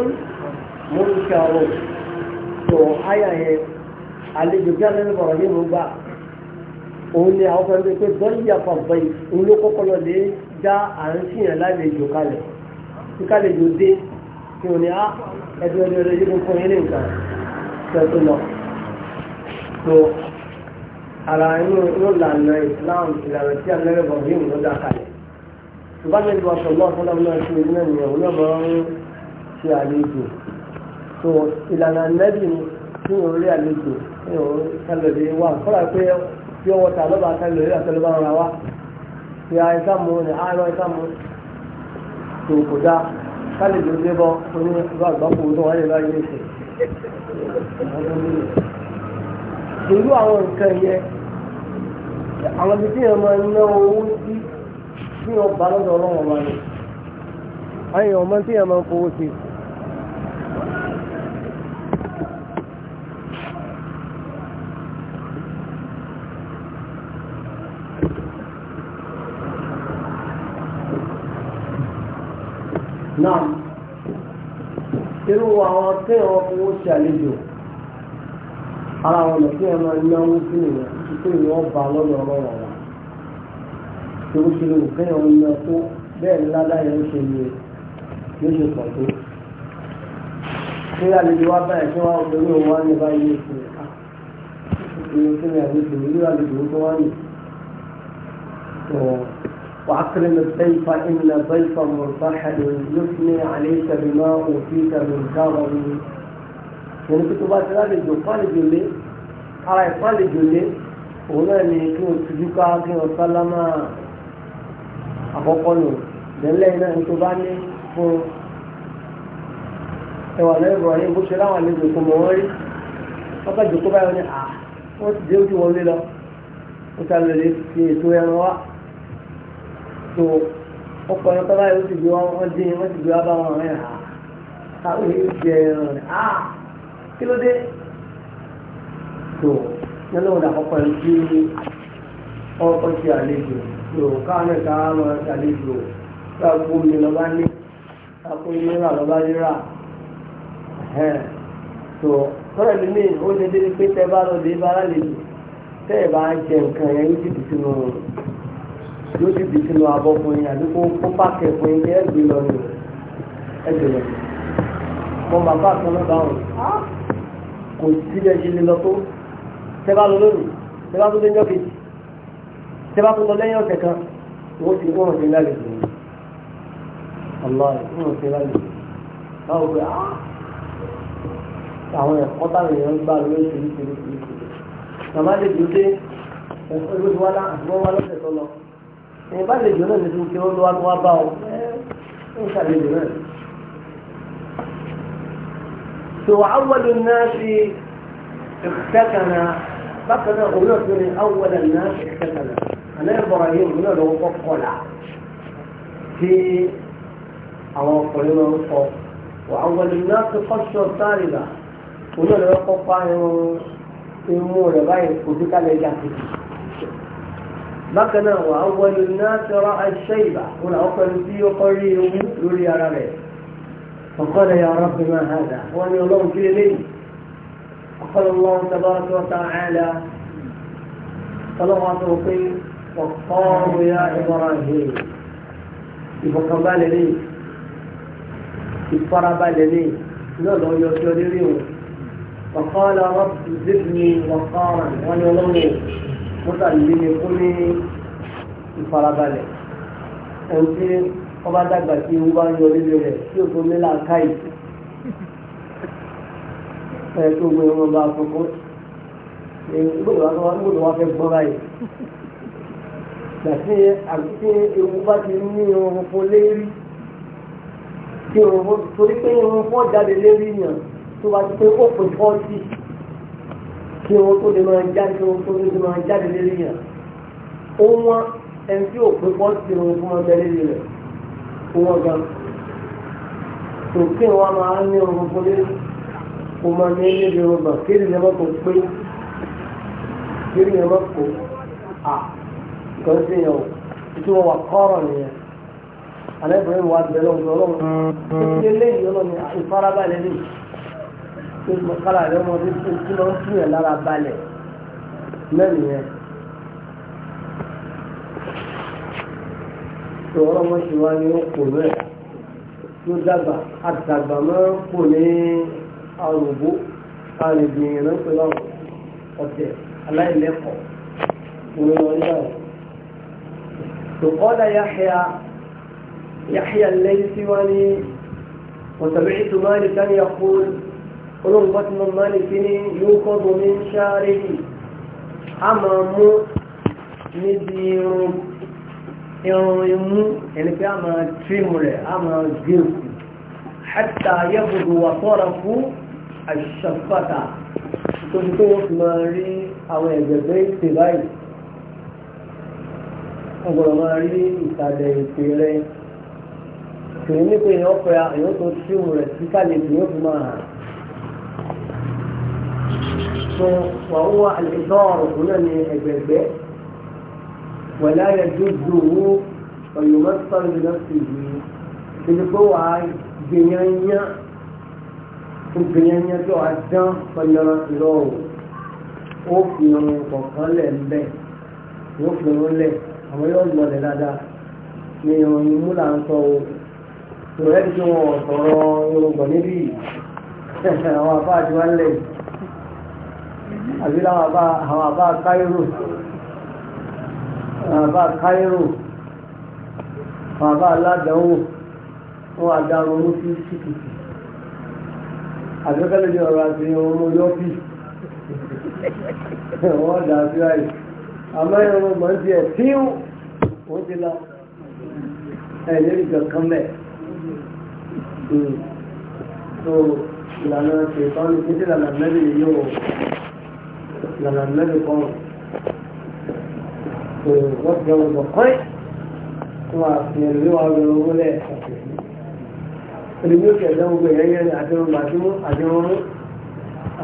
منكرون. تو ايه àlejò bí alẹ́ nípa ọ̀rọ̀ yìí ló gbà òun ni àwọn fẹ́ẹ́ pé bọ́ọ̀lì àpapọ̀ yìí òun ló kọ́kọ́ lọ lè dá àárín yẹn lálejò kalẹ̀ kí kálejò dé kí òun ni á ẹbí ọdún ọdún yìí ló fún yín ní nǹkan tẹ̀tù lọ. tó ara inú ló lànà Islam ìlànà tí alẹ́ nípa ọ̀rọ̀ yìí ló dá kalẹ̀ ṣùgbọ́n mi náà ṣe ìlú náà ìlànà nẹ́bì ni fún orí àlejò ní o kálọ̀dé wa kọ́lá pé bí ọwọ́ ta lọ́ba kálọ̀dé àtọ́lọ́ba ara wa ṣe àìsàmù ní àárọ̀ àìsàmù tó kò dáa kálọ̀dé ó débọ̀ oní ìlú àgbákò tó wáyé láyé ìṣẹ̀. pẹ̀lú àwọn nǹkan yẹn àwọn ibi tí yẹn máa ń ná owó sí bí wọ́n bá lọ́dọ̀ ọlọ́wọ́n wa ni. àyẹ̀wò máa ń tí yẹn máa ń fowó sí i. náà irú àwọn tí wọn fowó ṣe àlejò ara wọn lọ sí ẹmọ náwó sí nìyẹn títí ìwọ̀n ba lọ́dọ̀ ọ̀rọ̀ wọn wà tí ṣe lè wò kéèyàn ń yan bẹ́ẹ̀ ńlá láyé ń ṣe yẹ yóò ṣe pọ̀ tó nígbà lóde wá báyìí tí wọ́n lórí òun wá ní báyìí ní ìsìn ká ah, ìrìn tí mi àlejò ìlú àlejò tó wá nì. وأكرم الضيف إن الضيف مرتحل يثني عليك بما أوتيت من كرم yẹn kí tó bá ti lálejò pálejò lé ara ìpálejò lé òun náà ni kí wọn tujú ká kí wọn sálámà àkọ́kọ́ nù lẹ́lẹ́yìn náà tó bá ní fún ẹwà lẹ́rọ ayé bó ṣe láwọn àlejò kò mọ̀ wọ́n rí wọ́n bá jòkó báyọ̀ ní à wọ́n ti dé ojú wọn lé lọ wọ́n ta lè fi ètò ẹran wá tó ọkọ̀ yẹn tọ́lá yóò ti gbé wọn dín wọ́n ti gbé wọn bá wọn rẹ̀ hà ah, káwé yóò ti ẹran rẹ̀ á ah, kí ló dé tó nínú ọ̀dà ọkọ̀ yẹn tí ọkọ̀ ti àlejò tó káwọn náà ká máa ti àlejò tó àgbo mi lọ́ba ní àgbo mi rà lọ́ba rírà tó tọ́lá mi ní ìwọ́n pé tẹ́ bá lọ dé bá lálejò tẹ́ ẹ̀ bá jẹ nǹkan yẹn yóò ti dùn sínú rẹ̀ yóò sì fi sínú abọ́ fún yín àbí kó kó páàkì fún yín kí ẹ gbé lọ nù ẹ gbèrè mọ bàbá kan náà bá wọn kò sílẹ̀ ṣe lè lọ tó tẹ́ bá lọ lónìí tẹ́ bá tó lẹ́yìn ọ̀kejì tẹ́ bá tó lọ lẹ́yìn ọ̀sẹ̀ kan wọ́n ti wọ́n ti lálẹ́ jù aláì wọ́n ti lálẹ́ jù báwo pé ah! àwọn ẹ̀kọ́ táwọn èèyàn ń gbà lórí ìṣèlú ìṣèlú ìṣèlú màmá lè dúró ẹ̀kọ́ ìwé wa lá ẹ bá lè jọ náà ní tuntun kí wọn lọ wá tó wá bá ọ ẹ ń ṣàlejò náà. tó awọ́lù náà fi ìfẹ́kànnà bákan náà òun náà tó ní awọ́lù náà fi ìfẹ́kànnà àná ìbọ̀rọ̀ yìí òun náà lọ́wọ́ kọ́ là tí àwọn ọkùnrin máa ń sọ wà awọ́lù náà fi kọ́ṣọ́ sáàrì là òun náà lọ́wọ́ kọ́ pa irun imú rẹ̀ báyìí kò sí kálẹ̀ ìjà kejì bákan náà wà wọlé náà tọrọ àṣẹ ìbà wọn làwọn pẹ̀lú tí ó kọ́ rí ewu lórí ara rẹ̀ ọ̀kọ́lẹ̀ yà ọ̀rọ̀ fi máa hàdà wọ́n ní ọlọ́run kí lélẹ́yìn ọ̀kọ́lẹ̀ wọn tọ́ba tó ta àlà ọlọ́run àti òpin ọ̀kọ́rù ya Ibrahim ìfọ̀kànbalẹ̀ ní ìfarabalẹ̀ ní náà lọ́ọ́ yọ sí ọdún wọn ọ̀kọ́lẹ̀ ọ̀rọ̀ zidni wọ̀kọ́rù ní ọlọ́run mọ́tà lè ní kó ní ìfarabalẹ̀ ẹni tí wọ́n bá dàgbà tí ewu bá yọ nílé rẹ̀ tí o tó ní làákàyè ẹ̀ tó gbé wọn bá kókó gbọ́dọ̀ wá fẹ́ gbọ́n báyìí gbàtí àti ewu bá ti ní irun fún lérí tí irun fún torí pé irun fún ọ̀jáde lérí yàn tó bá ti pé ó pè fọ́ọ̀tì kí wọn tó lè máa jáde kí wọn tó lè máa jáde lérí yàn ó wọn ẹni tí òpin pọ́ sí irun fún wọn bẹ lérí rẹ̀ ó wọn gan tó kí wọn máa ní irun fún lérí kó máa ní lérí irun gbà kí èdè lẹ́mọ́ tó pé kí èdè lẹ́mọ́ kó à nǹkan sí yàn ó tí wọn wà kọ́rọ̀ nìyẹn alẹ́ bẹ̀rẹ̀ wà bẹ̀rẹ̀ ọ̀gbọ̀n ọlọ́run tó ti lé lẹ́yìn ọlọ́run ìfarabalẹ̀ lẹ́yìn pé mọ̀kálà rẹ̀ ọmọ bí tí tí wọ́n fún yẹn lára balẹ̀ lẹ́nu yẹn. tó ọlọ́mọ ṣe wá ní kò náà tó dàgbà àtàgbà máa ń kò ní àrùbó àrùbìnrin náà pẹ̀lú ọ̀tẹ̀ aláìlẹ́kọ̀ọ́ òun lọ nígbà wọn. tó kọ́dà Yahya Yahya al-Laythi wá ní وسمعت مالكا يقول olóhùn bá ti mọ máàlì kí ni yóò kọ́ bọ̀ mí ń ṣááré yìí a máa mú níbi irun irun imú ẹni pé a máa tírímù rẹ̀ a máa gé òkú hátà yẹ́bùdù wà tọ́ra fún àṣàfàtà tó ti tó wọ́n máa rí àwọn ẹ̀gbẹ̀gbẹ́ ìpè báyìí ọgbọ̀rọ̀ máa rí ìtàdẹ̀ ìpè rẹ̀ tòun ní pé èèyàn tírímù rẹ̀ síkàlẹ̀ èèyàn fi máa hàn sọ wàhùwà àlùbọ́ọ̀rù fún náà ní ẹgbẹ̀gbẹ́ wọ̀lá yẹ dúdú owó ọ̀yọ̀mọ́ sọ̀rọ̀ ìdílé sí yìí títí pé wàá gbìyànjá gbìyànjá tó a dán pẹ̀lú ìlọ́wọ́ ó fi irun kọ̀ọ̀kan lẹ̀ ń bẹ̀ yóò fi irun lẹ̀ àwọn yóò gbọ́dẹ̀ dáadáa ní irun imú là ń sọ o tòrẹ́ẹ̀dì tí wọ́n sọ̀rọ̀ irun gbọ̀ níbí àwọn àbá àti wá lẹ̀ yìí àbí àwọn àbá káírò àwọn àbá káírò àwọn àbá aládánwò wọn àdáró owó sí ṣìkìtì àgbẹ́kẹ́lẹ́ ní ọ̀rọ̀ àti ọmọ yọ́pì wọ́n dà sí àyè àmọ́ ìrọ̀rọ̀ mọ̀ ń tiẹ̀ tíú ó ti lọ ẹ̀yẹ́ ìgbẹ̀kan bẹ̀ hmm. so ìlànà ṣètọ́ ní títí ìlànà mẹ́rin yóò لما النبي قال وجه البقاء وفي الرواية الأولى ìlú kí ẹ̀dẹ́wò gbé ẹ̀yẹ́ ní àjẹmọ́ gbàjúmọ́ àjẹmọ́ mú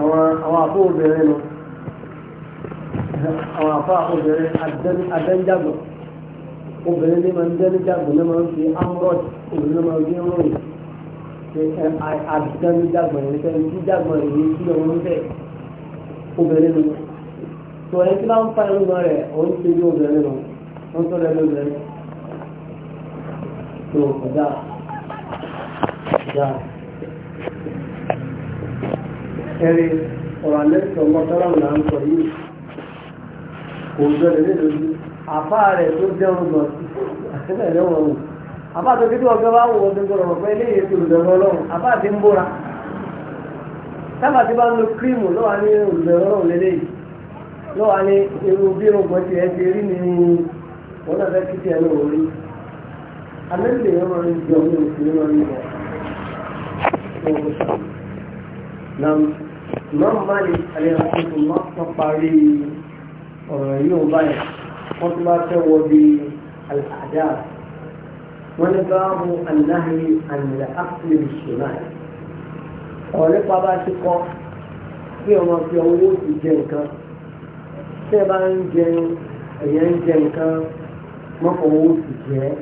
àwọn àfọ obìnrin nù àwọn àfọ obìnrin adẹ́njàgbọ̀ obìnrin ní ma ń dẹ́njàgbọ̀ ní ma ń fi amúrọ̀dì obìnrin ní ma ń fi ròyìn adẹ́njàgbọ̀ ní sẹ́ni jíjàgbọ̀ ní sí ọmọ ń bẹ́ẹ̀ obìnrin nù tó ẹni tí wọ́n fa irúgbọ́n rẹ̀ òun ti ní obìnrin nù wọ́n tó lẹ́nu obìnrin tó ọ̀dà ọ̀dà ẹ̀rí ọ̀rọ̀ alẹ́sọ̀ mọ́tọ́láwù là ń sọ yìí kò gbọ́dọ̀ nínú yìí àbá rẹ̀ tó jẹ́ ọgbọ̀n àtẹ́lẹ̀ lẹ́wọ̀n wò àbá tó kí tí ọgbẹ́ bá wọ̀ ọdún gbọ́dọ̀ pẹ́ ilé ìyẹ́tò ìdọ̀rọ̀ ọlọ́run àbá ti ń bóra sábà tí bá ń lo kírímù lọ́wọ́ ní olùdọ̀rọ̀ lélẹ̀ yìí lọ́wọ́ ní irú bí ogun ti ẹ ti rí ni wọ́n náà fẹ́ kíkẹ́ ẹ lọ́wọ́ rí amẹ́lẹ̀ yẹn máa ń jọ ní oṣù ní wọn níbọ̀ na máa ń máa ní alẹ́ àkókò máa tán parí ọ̀rọ̀ yóò báyìí wọ́n tún bá fẹ́ wọ bí àdá wọ́n ní báwo aláhìí àmì àkùnrin ṣùgbọ́n ọ̀rọ̀ nípa bá ti kọ́ bí ọmọ fi owó ti jẹ nǹkan tí ẹ bá ń jẹ ẹ̀yẹ ń jẹ nǹkan mọ́kọ̀ owó ti jẹ ẹ́.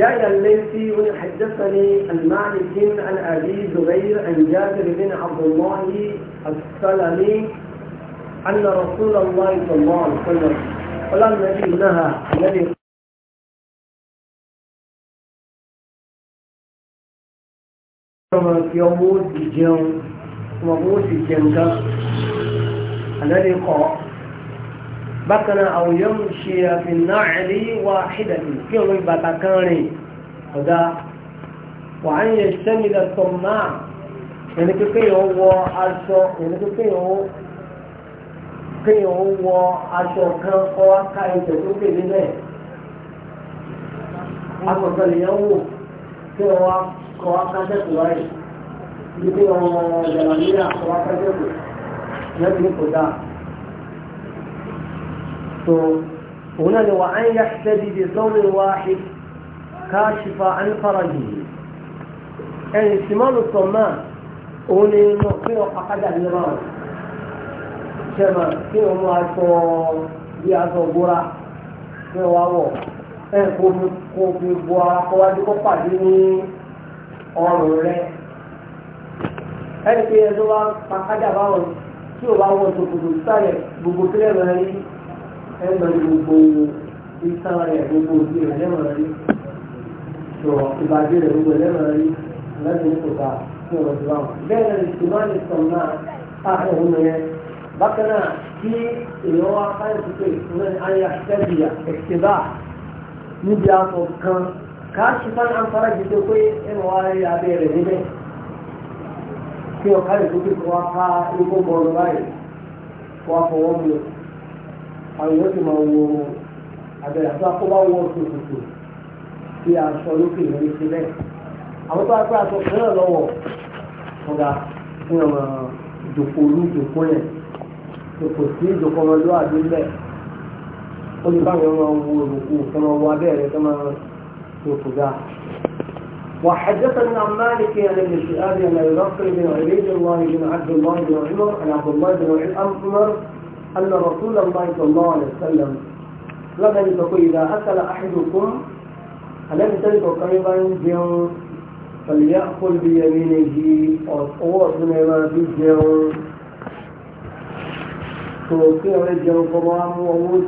يحيى الليثي حدثني المالك عن ابي زبير عن جابر بن عبد الله السلمي ان رسول الله صلى الله عليه وسلم قال النبي نهى النبي ọmọ tí ọmọ òsì jẹun ọmọ òsì jẹun gan ànáde kọ bákan náà àwòyẹ ń ṣe àfihàn àìlè wa ṣídàtì kí ọmọ ìbàtà kan rìn ọ̀dà wà á yẹ sẹ́mìlẹ̀ tọ̀mà ẹni pé kéèyàn wọ aṣọ ẹni pé kéèyàn wọ aṣọ kan kọ́ ká ẹsẹ̀ tó kéde bẹ́ẹ̀ aṣọ kan wò kí wá kọ́ akájẹ́kù láyé níbi ọmọ jàlámíà kọ́ akájẹ́kù lẹ́bi kò dáa. tó òun náà ni wà á ń yá ṣẹ́bi bí sọ́ọ̀rì wá ṣe káṣífà á ń fara yìí. ẹ̀yìn sìmọ́lù sọ náà òun ni mo kí ọ akájà ní náà ṣẹ̀mà kí ọ mú aṣọ bí aṣọ bóra kí ọ wá wọ̀ ẹ̀ kó fi bo ara kọ́ wájú kó ọrùn rẹ ẹni pé ẹjọ́ wa pa kájà bá wọn tí ò bá wọn ṣòkòtò sálẹ̀ gbogbo kílẹ̀ mọ̀ rí ẹ mọ̀ rí gbogbo iṣan rẹ̀ gbogbo òbí rẹ̀ lẹ́mọ̀ rí sọ ìbàdí rẹ̀ gbogbo lẹ́mọ̀ rí lẹ́sìn tó bá tí ọ̀rọ̀ ti bá wọn. bẹ́ẹ̀ ni ìsìnmáàlì sọ̀rọ̀ náà ta ẹ̀hún yẹn bákan náà kí èèyàn wá sáyẹ̀nsì pé ìsúná ayé àṣẹ́bìyà káàkiri àǹfààní jẹ́ pé ẹnu wa rí abẹ́ rẹ̀ níbẹ̀ kí ọ̀ká rẹ̀ tó kí kọ́ wá ká ikú bọ́ọ̀lù báyìí kó wá fọwọ́ mu àwọn yóò ti máa wo abẹ́ rẹ̀ àti wá kó wá wọ tòtòtò kí aṣọ lókè lórí sí bẹ́ẹ̀ àwọn tó wá pé aṣọ kan náà lọ́wọ́ ọ̀gá fún ọmọ ìdòkò olú ìdòkò yẹn ìdòkò sí ìdòkò ọmọlúwàbí bẹ́ẹ̀ ó ní báwọn ọmọ wo ìdòkò kọ́ máa wọ abẹ́ rẹ̀ kọ́ máa وفزاع وحدثني عن مالك عن ابن شهاب عن ابي بكر بن عبيد الله بن عبد الله بن عمر عن عبد الله بن عمر ان رسول الله صلى الله عليه وسلم لما يقول اذا اكل احدكم الم تلك قريبا جيون فليأكل بيمينه او وأوصنا ما في الجن توصينا الجن قرام وموت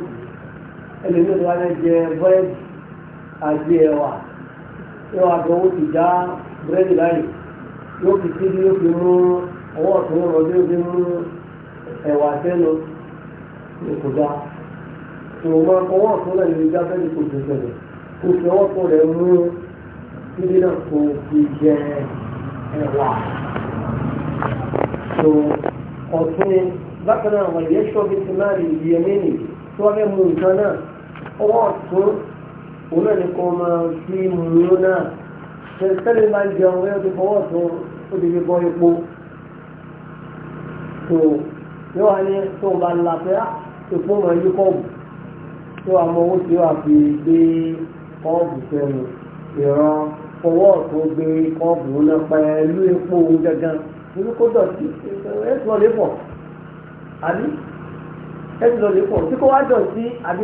اللي نقول على الجن àgbé ẹ̀wà yóò wá gbọ́ ó ti já búrẹ́dì báyìí yóò fi síbi yóò fi mú ọwọ́ ọ̀tún rọ̀ yóò fi mú ẹ̀wà sẹ́nu kò dá tòun máa ọwọ́ ọ̀tún náà lè já búrẹ́dì kò tó sẹ̀lẹ̀ kò fi ọwọ́ ọ̀tún rẹ̀ mú síbi náà kò fi jẹ ẹ̀wà tó ọ̀tún ni bákan náà wọ̀nyí ẹ̀ṣọ́ bíi ti máa rí ìyẹn mẹ́rin tí wọ́n fẹ́ nǹkan náà ọwọ́ ọ̀tún òun náà ni kò máa fi mú náà tẹ́lẹ̀ máa ń jẹun wẹ́ẹ́ tó fọwọ́ tó ó ti fi bọ́ epo tó yóò wá ní tó ń bá ń la pé epo máa yí kọ́ọ̀bù tó àmọ́ owó tí wàá fi gbé kọ́ọ̀bù sẹ́nu ìran fọwọ́ tó gbé kọ́ọ̀bù náà pẹ̀lú epo òun gangan nínú kó dọ̀tí ẹ̀sùn ọ̀lẹ́ pọ̀ àbí ẹ̀sùn ọ̀lẹ́ pọ̀ tí kò wá dọ̀tí àbí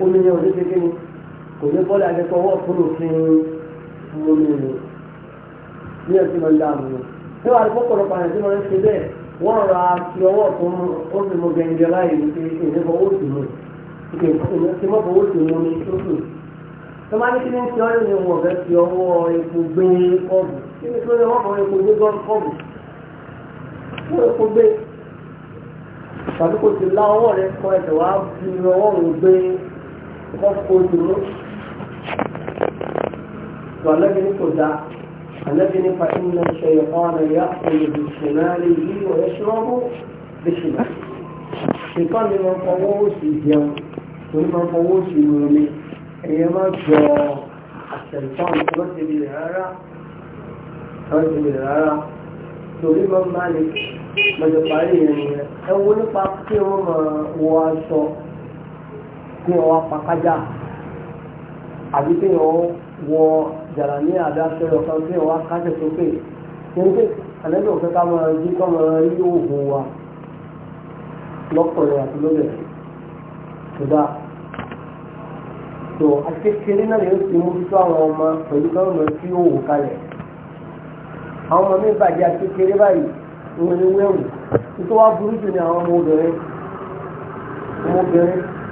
omi yẹn ò ní ṣe kíni kò ní bọ́lá akẹ́kọ̀ọ́ ọwọ́ fún òfin omi ni ní ẹ̀sìn máa ń dá àmì yẹn. ní wàá lọ́pọ̀ pọ̀lọpọ̀ àyàn tí wọ́n ń ṣe bẹ́ẹ̀ wọ́n ra ti ọwọ́ fún omi mu gẹ̀ǹgẹ̀ láì ní ṣe ṣe ìdẹ́fọ̀ owó tì mú ṣe mọ́ fowó tì mú ní ṣókù. tó máa ní kí ní ti ọ́ ní wọn fẹ́ fi ọwọ́ epo gbé kọ́ọ̀bù kí ni tó ní wọ́n epo gbé kọ́ọ̀bù fún epo gbé tàbí kò ti lá ọwọ́ rẹ kọ ẹ̀sẹ̀ wọ́n kó dúró tó anábì ní kò dáa anábì ní fa iná ṣe ọ̀nà ìyá òye bìṣìmáàlì yìí wọ́n ṣọ́ọ́bù bìṣìmáàlì. ṣùgbọ́n mi máa fọwọ́ òsì jẹun òun máa fọwọ́ òsì rọmi ẹ̀yẹ máa jọ àṣẹ̀ǹtàn lọ́sẹ̀bí rárá rárá torí máa lè mọ̀jọ̀ kí wọ́n wá pàkájà àbí kí wọ́n wọ jàrá ní àdáṣe ọ̀kan kí wọ́n wá káṣẹ̀ sókè kí n pè àlejò òfin ká máa rí kọ́ máa rí oògùn wa lọ́kùnrin àti lóbìnrin tó dáa tó àti kékeré náà yóò ti mójútó àwọn ọmọ pẹ̀lú kí wọ́n lọ sí òwò kalẹ̀ àwọn ọmọ mi bàjẹ́ àti báyìí wọ́n ní wẹ́wù nítorí wá burú jù ní àwọn ọmọ obìnrin ọmọ obìnrin.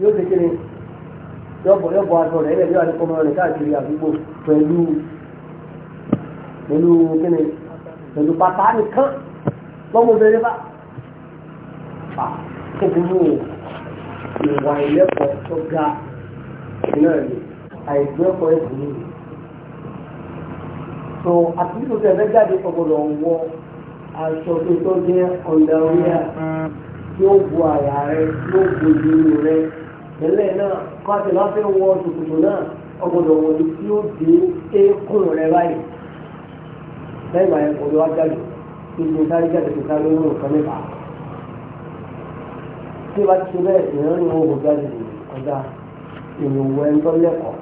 yóò ṣe kíni yọ̀bọ̀ yọ̀bọ̀ aṣọ rẹ̀ ilẹ̀ yóò àdìpọ̀ mọ́ rẹ̀ káàkiri àdúgbò pẹ̀lú pẹ̀lú kíni pẹ̀lú bàtà nìkan lọ́mọbìnrin bá a kókòrò ìwà ìlẹ́kọ̀ọ́ tó ga náà ni àìgbẹ́kọ̀ọ́ ẹ̀sìn nìyí so àtúntò tẹ fẹ́ jáde ọgbọ́dọ̀ wọ aṣọ tó tọ́ jẹ́ ọ̀dàwíyà tí ó bu àyà rẹ tí bu ìlú rẹ tẹ́lẹ̀ náà kó àti láfẹ́ wọ ṣòkòtò náà ọgbọ́dọ̀ wọ ní tí ó dé eékún rẹ báyìí lẹ́yìn àyẹ̀ kò lọ ajáde kí ṣe sáré jáde kò sáré lórí nǹkan mẹ́ta tí bá ti ṣe bẹ́ẹ̀ ìran ni wọn kò jáde kọjá ìrìnwó ẹni tó lẹ́kọ̀ọ́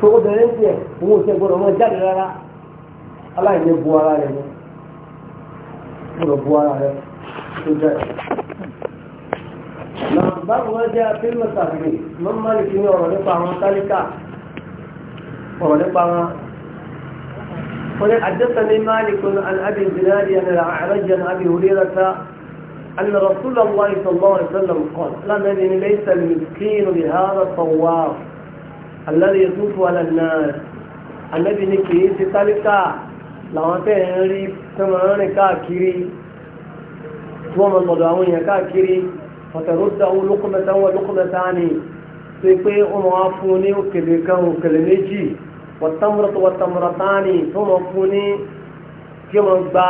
tó obìnrin tiẹ̀ òun ò gbọ́dọ̀ mọ́ jáde rárá aláìní bu ara rẹ̀ ni gbọ́dọ̀ bu ara rẹ̀ tó jáde báwo wọ́n jẹ́ fílmù sàbìlì mọ́mú málìkì ní ọ̀rọ̀ nípa àwọn tálíkà ọ̀rọ̀ nípa wọn. wọ́n ní àjẹsẹ̀lẹ̀ málìkì an abi zinari an al-a'raj an abi hurairata an rasulullah sallallahu alaihi wasallam qala lamani laysa al-miskin bi hadha at-tawaf alladhi yatufu ala an-nas anabi ni kì tí wọ́n mọ̀ lọ́dọ̀ àwọn èèyàn káàkiri fọ̀tẹ̀rọ̀dà olókùnmẹ́ta wọ olókùnmẹ́ta ni tó pé ọmọ wa fún ní òkèlè kan òkèlè méjì wọ̀tàmùrọ̀tà wọ̀tàmùrọ̀tà ni tó mọ̀ fún ní kí wọ́n gba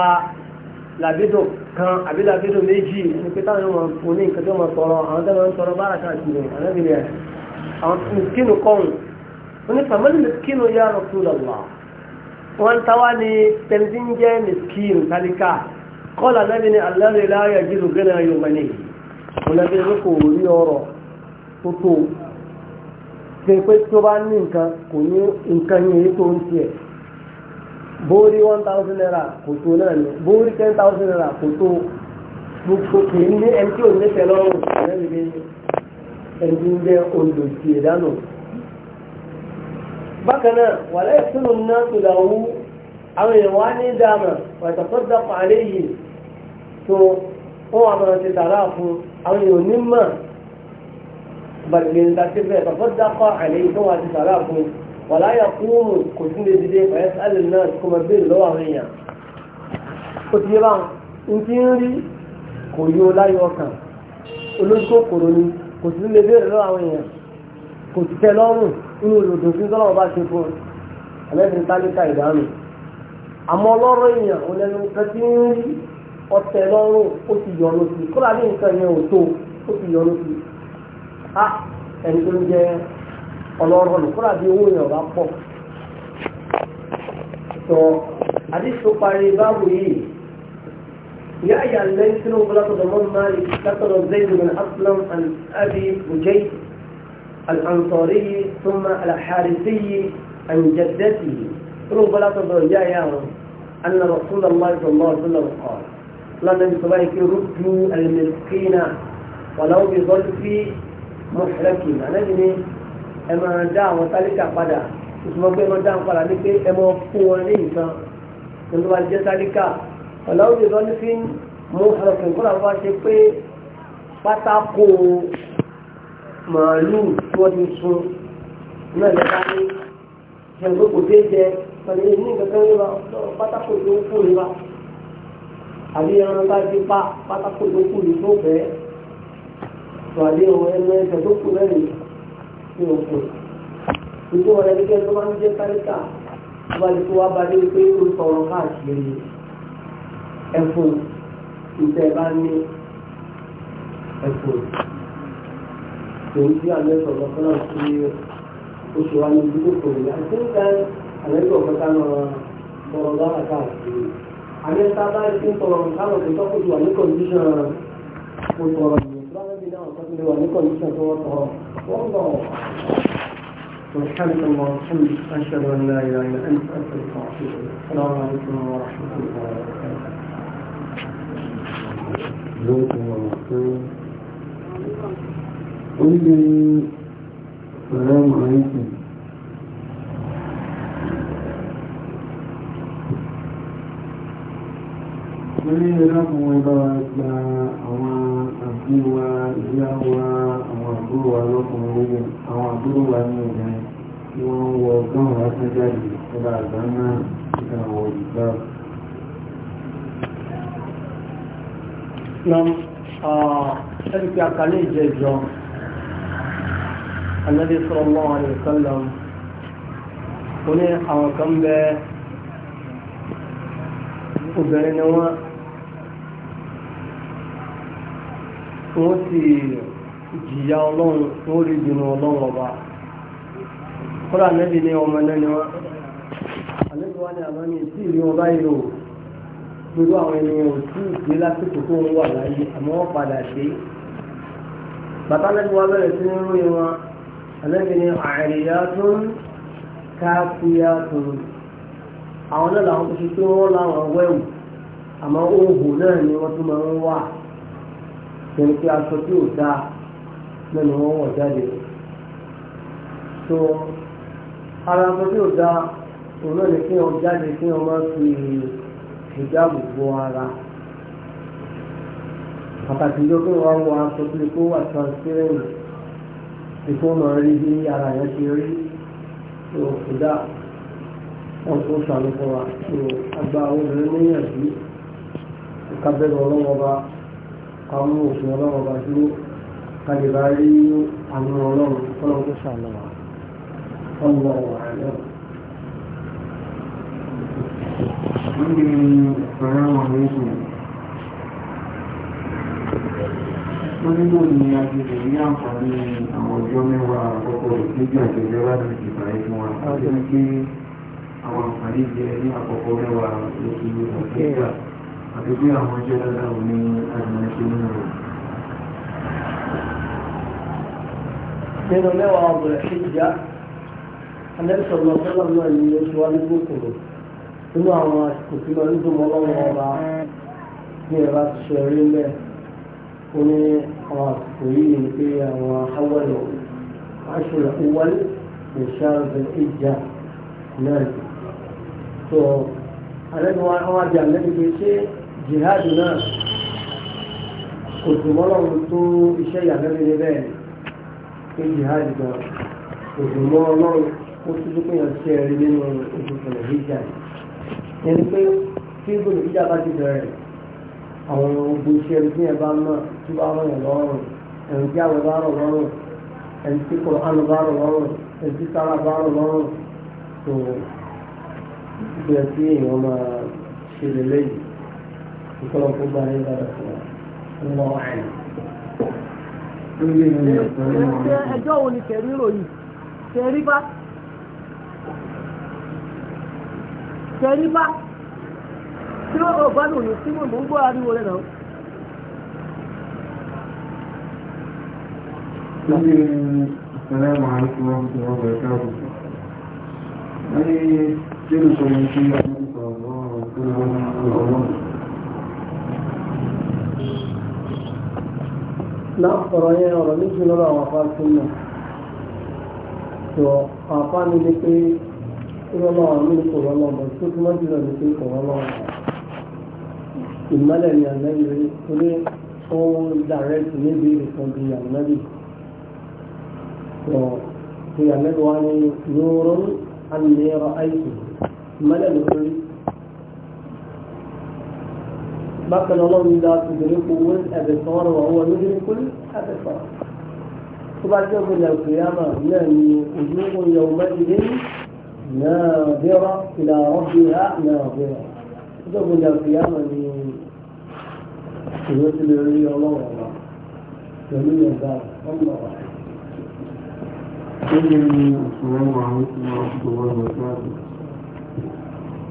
làbídò kan àbí làbídò méjì ní pé táwọn ọmọ fún ní nǹkan tó mọ̀ sọ̀rọ̀ àwọn tó mọ̀ sọ̀rọ̀ bára káàkiri ànábìrì ẹ̀ àwọn mìskínù kọ́hùn wọ́n ní fàmílì mìskínù yá Rasulullah wọ́n táwa ní tẹ̀lifíńjẹ́ mìskínù tálíkà kọ́lá náà ní alẹ́ rẹ̀ láyà jírògbé náà yóò wọlé mọ̀lẹ́bí pé rí ọ̀rọ̀ tó tó ṣe pé tó bá ní nǹkan kò ní nǹkan yẹn tó ń tiẹ̀ bóórí one thousand naira kò tó náà ni bóórí ten thousand naira kò tó gbogbo kì ní ẹni tí ò ní tẹ́ lọ́rùn lẹ́yìn bí ẹni tí ń jẹ́ bákan náà náà tó àwọn èèyàn wá ní dáàmà dàpọ̀ àlẹ́ yìí tó ti tààrà fún un. àwọn èèyàn ní mọ̀ bàtìlẹ̀ nígbà tí bẹ́ẹ̀ bàbá dákọ̀ àlẹ́ yìí tó wà ti sàrà fún wà láyà kúrò kò sí lè dìde pẹ̀lú sálẹ̀ náà kó máa béèrè lọ́wọ́ àwọn èèyàn ó ti yé bá ń ti ń rí kò yó láyọ̀ ọkàn olóńgbò kòrò ni kò sí lè béèrè lọ́wọ́ àwọn èèyàn kò ti tẹ lọ́rùn inú olùdó sí tọ́lọ́wọ́ bá ṣe fún un ẹlẹ́sìn tálíkà ìdánù àmọ́ ọlọ́rọ̀ èèyàn òun lẹ́nu ọ̀tẹ̀ lọ́rùn ó ti yọ̀nù sí kódà bí nǹkan yẹn ò tó ó ti yọ̀nù sí a ẹni tó ń jẹ ọlọ́rọ̀ nù kódà bí owó yẹn ò bá pọ̀ sọ àdìsó parí báwo yìí يا أيها الذين سنوا فلا تضمون مالك ذكر زيد بن أسلم عن أبي مجيد الأنصاري ثم الحارثي عن جدته سنوا فلا تضمون يا يا أن رسول الله صلى الله عليه وسلم قال lọ́nà bí sọ́bàá yìí rúdú ẹ̀lẹ́mẹ̀kínà wàláwó bí bọ́ọ̀lù fi mọ̀ṣẹ́lẹ́kì ànábì ni ẹ máa dá àwọn tálíkà padà ìtumọ̀ pé ẹ máa dá àwọn padà ní pé ẹ máa fún wọn ní nǹkan nínú wa jẹ́ tálíkà wàláwó bí bọ́ọ̀lù fi mọ̀ṣẹ́lẹ́kì kọ́lá ṣe pé pátákó màálù tí wọ́n ti sun náà lẹ́ka ní ṣẹ̀gbọ́n kò dé jẹ pẹ̀lú ní nǹkan kan ní wa pátákó tó ń fún ní wa àbí ẹran bá dé pa pátákó tó kù ní tó fẹ́ tó àbí ọ̀rọ̀ ẹnu ẹsẹ̀ tó kù mẹ́rin ní òkú ìlú ọ̀rẹ́ nígbẹ́ tó máa ń jẹ́ káríkà tó bá di tó wá bá dé pé ó sọ̀rọ̀ káàkiri ẹ̀fọn ìtẹ̀ bá ní ẹ̀fọn tòun tí àmẹ́sọ̀ lọ́kọ́lá sí oṣù wa ní ìdílé kòrìyà tó ń ta àmẹ́sọ̀ kọ́kọ́ náà sọ̀rọ̀ lọ́wọ́ àmì sábà ti ń sọ̀rọ̀ káwọn tó tọ́kù ti wà ní kọ̀ǹdíṣàn mo sọ̀rọ̀ ìgbàlódé náà tó ti wà ní kọ̀ǹdíṣàn tó wọ́n sọ̀rọ̀ wọ́n lọ. سبحانك اللهم وبحمدك أشهد أن لا إله إلا أنت أستغفرك وأتوب السلام عليكم ورحمة الله وبركاته. لوكم ومسلم قل السلام عليكم ọkùnrin rere àwọn àbúrò wa ní obìnrin tí wọ́n ń wọ ọgọ́rùn-ún lásán jáde ọba àgbà náà nígbà wọ ìgbà. nam ah, ẹni pé àkàlẹ́ ìjẹ́ ìjọ Ànábì sallallahu alaihi wasallam ó ní àwọn kan bẹ obìnrin ni wọ́n wọ́n sì jìyà ọlọ́run tó rí dùnú ọlọ́run ọba kọ́lá nẹ́bí ní ọmọ lẹ́ni wọn àlejò wa ní àmọ́ni tí ìlú ọba yìí o gbogbo àwọn ènìyàn ò tí ì gbé lásìkò tó ń wà láyé àmọ́ wọ́n padà dé bàtà nẹ́bí wa bẹ̀rẹ̀ sí ní ròyìn wọn àlejò ní àìríyá tó ń káfíyà tó ń àwọn náà làwọn tó ṣe pé wọ́n láwọn wẹ̀wù àmọ́ òògùn náà ni wọ́n tún máa ń wà kí aṣọ tí ò dáa lẹ́nu wọn wọ̀ jáde so ara ọmọ tí ó da òun náà ni kí wọn jáde kí wọn máa fi ìdáàbò bo ara pàtàkì ló pé wọn wọ aṣọ tó lè kó wà transparent ìfowó máa rí bí ara yẹn ti rí so ìdá wọn tó ṣàlùkọ wa so àgbà obìnrin níyànjú ìkábẹ́rẹ́ ọlọ́wọ́ bá àwọn òfin ọlọ́wọ́ bá dúró kàlìbà rí àmì ọlọ́run tọ́lọ́ tó ṣàlọ́wà ọlọ́ àlọ́ Níbi ìfẹ̀rẹ̀ wọn ní ṣe, ó nílò ní agbègbè ní àǹfààní àwọn ọjọ́ mẹ́wàá àkọ́kọ́ ìgbéjì àjẹjẹ láti ìgbà ìfún wa, ó jẹ́ kí àwọn àǹfààní jẹ ní àkọ́kọ́ mẹ́wàá lókè ọ̀kẹ́ àti bí àwọn ọjọ́ dáadáa ní àjẹmẹ́ṣẹ́ nínú rẹ̀. nínú mẹ́wàá ọ̀bùrẹ̀ sí ìjà anẹ́sọ̀rọ̀ ọ̀sọ́lá náà ní oṣù wa nígbò kòrò nínú àwọn àsìkò tí wọ́n ń dùn mọ́ lọ́wọ́ ọba ní ẹ̀rọ àtúnṣe rí mẹ́ ó ní àwọn àsìkò yìí ní pé àwọn awọ́lọ̀ aṣọlẹ̀ wọlé ní ṣáàbẹ̀ ìjà náà tó anẹ́sọ̀rọ̀ àwọn àbí àmẹ́bí pé jihad gan òdùnmọ́ ọlọ́run ó tún pé yàn ṣe ẹ̀rí nínú oṣù kẹlẹ̀ níjà yẹn ni pé tí gbòdò níjà bá ti bẹ̀rẹ̀ àwọn ogun iṣẹ́ ẹni tí yẹn bá mọ̀ tí bá rọ̀ yàn lọ́rùn ẹ̀rù tí àwọn bá rọ̀ lọ́rùn ẹni tí kò ánù bá rọ̀ lọ́rùn ẹni tí sára bá rọ̀ lọ́rùn tó bẹ̀rẹ̀ sí èèyàn máa ṣe lélẹ́yìn ìkọlọ́kùn bá yẹn ẹjọ́ wo ni kẹ̀rí ròyìn kẹ̀rí bá kẹ̀rí bá tí ó ò gbádùn ní tí mò ń gbọ́ ariwo rẹ̀ náà. Assalamu alaikum warahmatullahi wabarakatuh. Wọ́n ní kí ló sọ ní kí ọmọ ìgbà ọ̀rọ̀ ọ̀rọ̀ ọ̀rọ̀ náà sọ̀rọ̀ yẹn ọ̀rọ̀ méjì lọ́rọ̀ àwọn afá sí náà tó afá mi ni pé rọ́lọ́ àwọn mi kò rọ́lọ́ mọ̀ tó túmọ̀ jùlọ ni pé kò rọ́lọ́ ìmọ̀lẹ̀ ni ànábì rí torí ó ń dàrẹ́tì níbi ìrìkan bíi ànábì tó ti ànábì wá ní nùrún àmì ẹ̀rọ àìsàn ìmọ̀lẹ̀ ló rí bákan ọlọ́run dá ìdòríkò wọ́n ẹ̀bẹ̀ kan rọ̀ wọ́n lóríkò àbẹ̀fà tó bá jẹ́ ògbìn àgbè àmà náà ni òdúnkò yẹ ọmọdé náà bẹ́rọ̀ ìlà ọ̀bìnrin náà bẹ́rọ̀ tó jẹ́ ògbìn àgbè àmà ni ìwé ti lè rí ọlọ́run ọ̀la pẹ̀lú ìyọ̀dá ọlọ́run Ṣé ní ìṣòro àwọn ìṣòro ọ̀gbọ̀n ọ̀gbọ̀n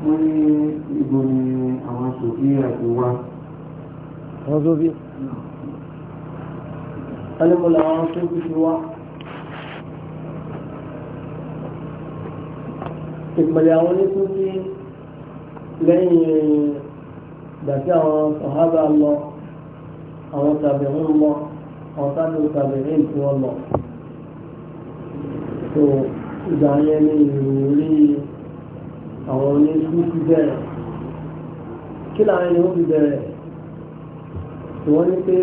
wọ́n ní ibo ni àwọn sòfí àti wá. àwọn sòfí. alẹ́mọ̀ làwọn sòfí ti wá. ìpìlẹ̀ àwọn onísòfí lẹ́yìn ìgbàtí àwọn sọ̀hábà lọ àwọn tàbẹ̀wọ̀n lọ àwọn tàbẹ̀wọ̀n tàbẹ̀wọ̀n tí wọ́n lọ. ìgbà yẹn ni ìròyìn àwọn oníṣú ti bẹ̀rẹ̀ kí làwọn ẹni wọ́n fi bẹ̀rẹ̀ tí wọ́n ní pé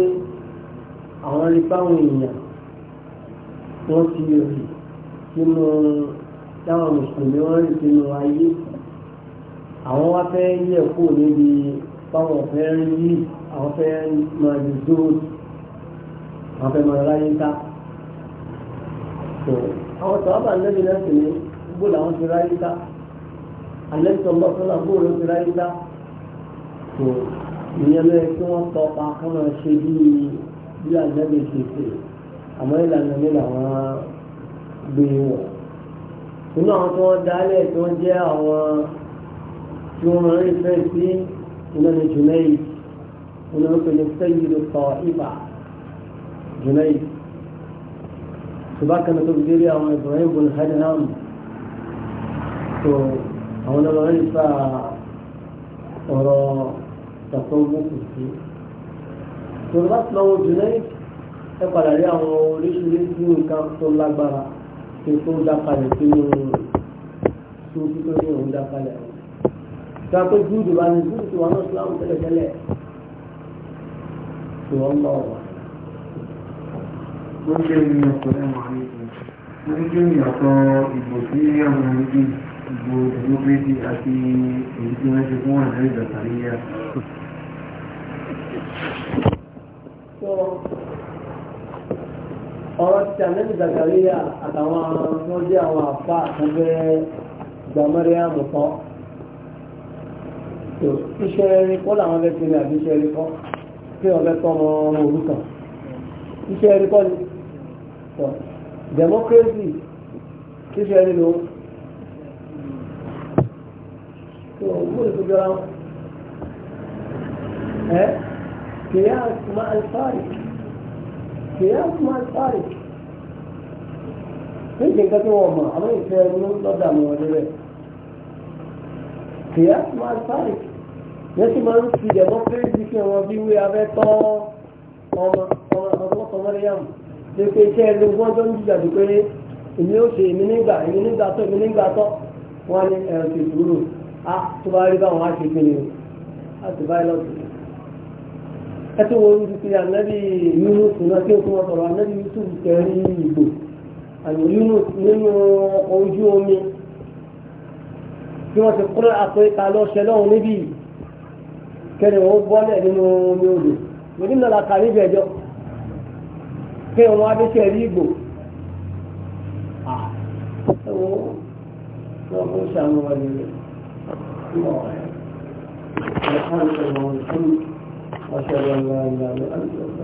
àwọn rí báwọn èèyàn wọ́n ti rí nínú táwọn mùsùlùmí wọ́n rí sínú ayé àwọn wá fẹ́ yẹ̀ kú níbi báwọn fẹ́ rí yìí àwọn fẹ́ máa lè dúró àwọn fẹ́ máa ráyé ká àwọn tọ́wọ́ bá ń lẹ́bi náà ní gbọ́dọ̀ àwọn ti ráyé ká alẹ́sọ̀ lọ́sọ̀lá bóòlù ti ráyé dá tó ìyẹn lọ́yẹ kí wọ́n tọ́ pa kán máa ṣe bí bí ànábì ṣe ṣe àmọ́ ìlànà mi làwọn gbé e wọ̀ nínú àwọn tí wọ́n dálẹ̀ tí wọ́n jẹ́ àwọn tí wọ́n máa ń sí iná ní jùmẹ́yì iná ń pè ní sẹ́yìn ló sọ ìbà jùmẹ́yì ṣùgbọ́n kan tó fi rí àwọn Ibrahim bin Hadham tó àwọn ọmọ rẹ̀ nípa ọ̀rọ̀ ìtàkùnbùkù sí. Yorùbá ti lọ́wọ́ generic ẹ padà rí àwọn oríṣiríṣi nǹkan tó lágbára tó tó dá kalẹ̀ sínú tó tó tó ní òun dá kalẹ̀. Ìgbà pé Júùdù bá ní Júùdù wà náà Ìsìlámù tẹ́lẹ̀tẹ́lẹ̀ tí wọ́n bá wà. Ó ṣe ìrìn àpẹẹrẹ wà ní ìgbà. Ó ní ìyàtọ̀ ìbò sí àwọn ìgbìmọ̀ gbogbo democracy àti èyí tí wọ́n ṣe fún wọn àrí ìgbàtàríyà ọ̀rọ̀ ti àmẹ́bí Zakaria àtàwọn tó jẹ́ àwọn àfá àtàgbẹ́ gbàmọ́ríà mọ̀tọ́ iṣẹ́ rí kọ́ làwọn fẹ́ fi ní àbí iṣẹ́ rí kọ́ tí wọ́n fẹ́ tọ́ ọmọ orúkọ iṣẹ́ rí kọ́ ni democracy iṣẹ́ rí lóhun tó wúlò tó jọra wọn. ẹ kìyàs ma alifari kìyàs ma alifari ní ma alifari yẹn ti máa ń fi ìjẹ̀bọ́ péréjì fi àwọn bí wí abẹ́ tọ́ ọmọ ọmọ ọmọ ọmọ rẹ̀yàmù ṣe pé iṣẹ́ ẹni wọ́n jọ ń jìjà dùn pé èmi ó ṣe èmi nígbà èmi nígbà tọ́ èmi nígbà tọ́ wọ́n á ní á ah, tó bá rí báwọn á ṣe gbé ni o á ti báyìí lọ́sùn. ẹ tó wọ́n ti fi ànábì Yunus náà kí n kó wọn sọ̀rọ̀ ànábì Yusuf kẹrin ìgbò àmì Yunus nínú ọkọ̀ ojú omi bí wọ́n ti kúrò àpò ìta lọ́ṣẹ lọ́hùn níbí kẹ́rin wọn bọ́lẹ̀ nínú omi odò lórí náà la kà níbi wọn wá bẹ́sẹ̀ rí ìgbò ah, ẹ̀wọ̀n lọ́kùnrin ṣàmúwọ̀n nílẹ̀. سبحانك اللهم وبحمدك أشهد ان لا اله الا انت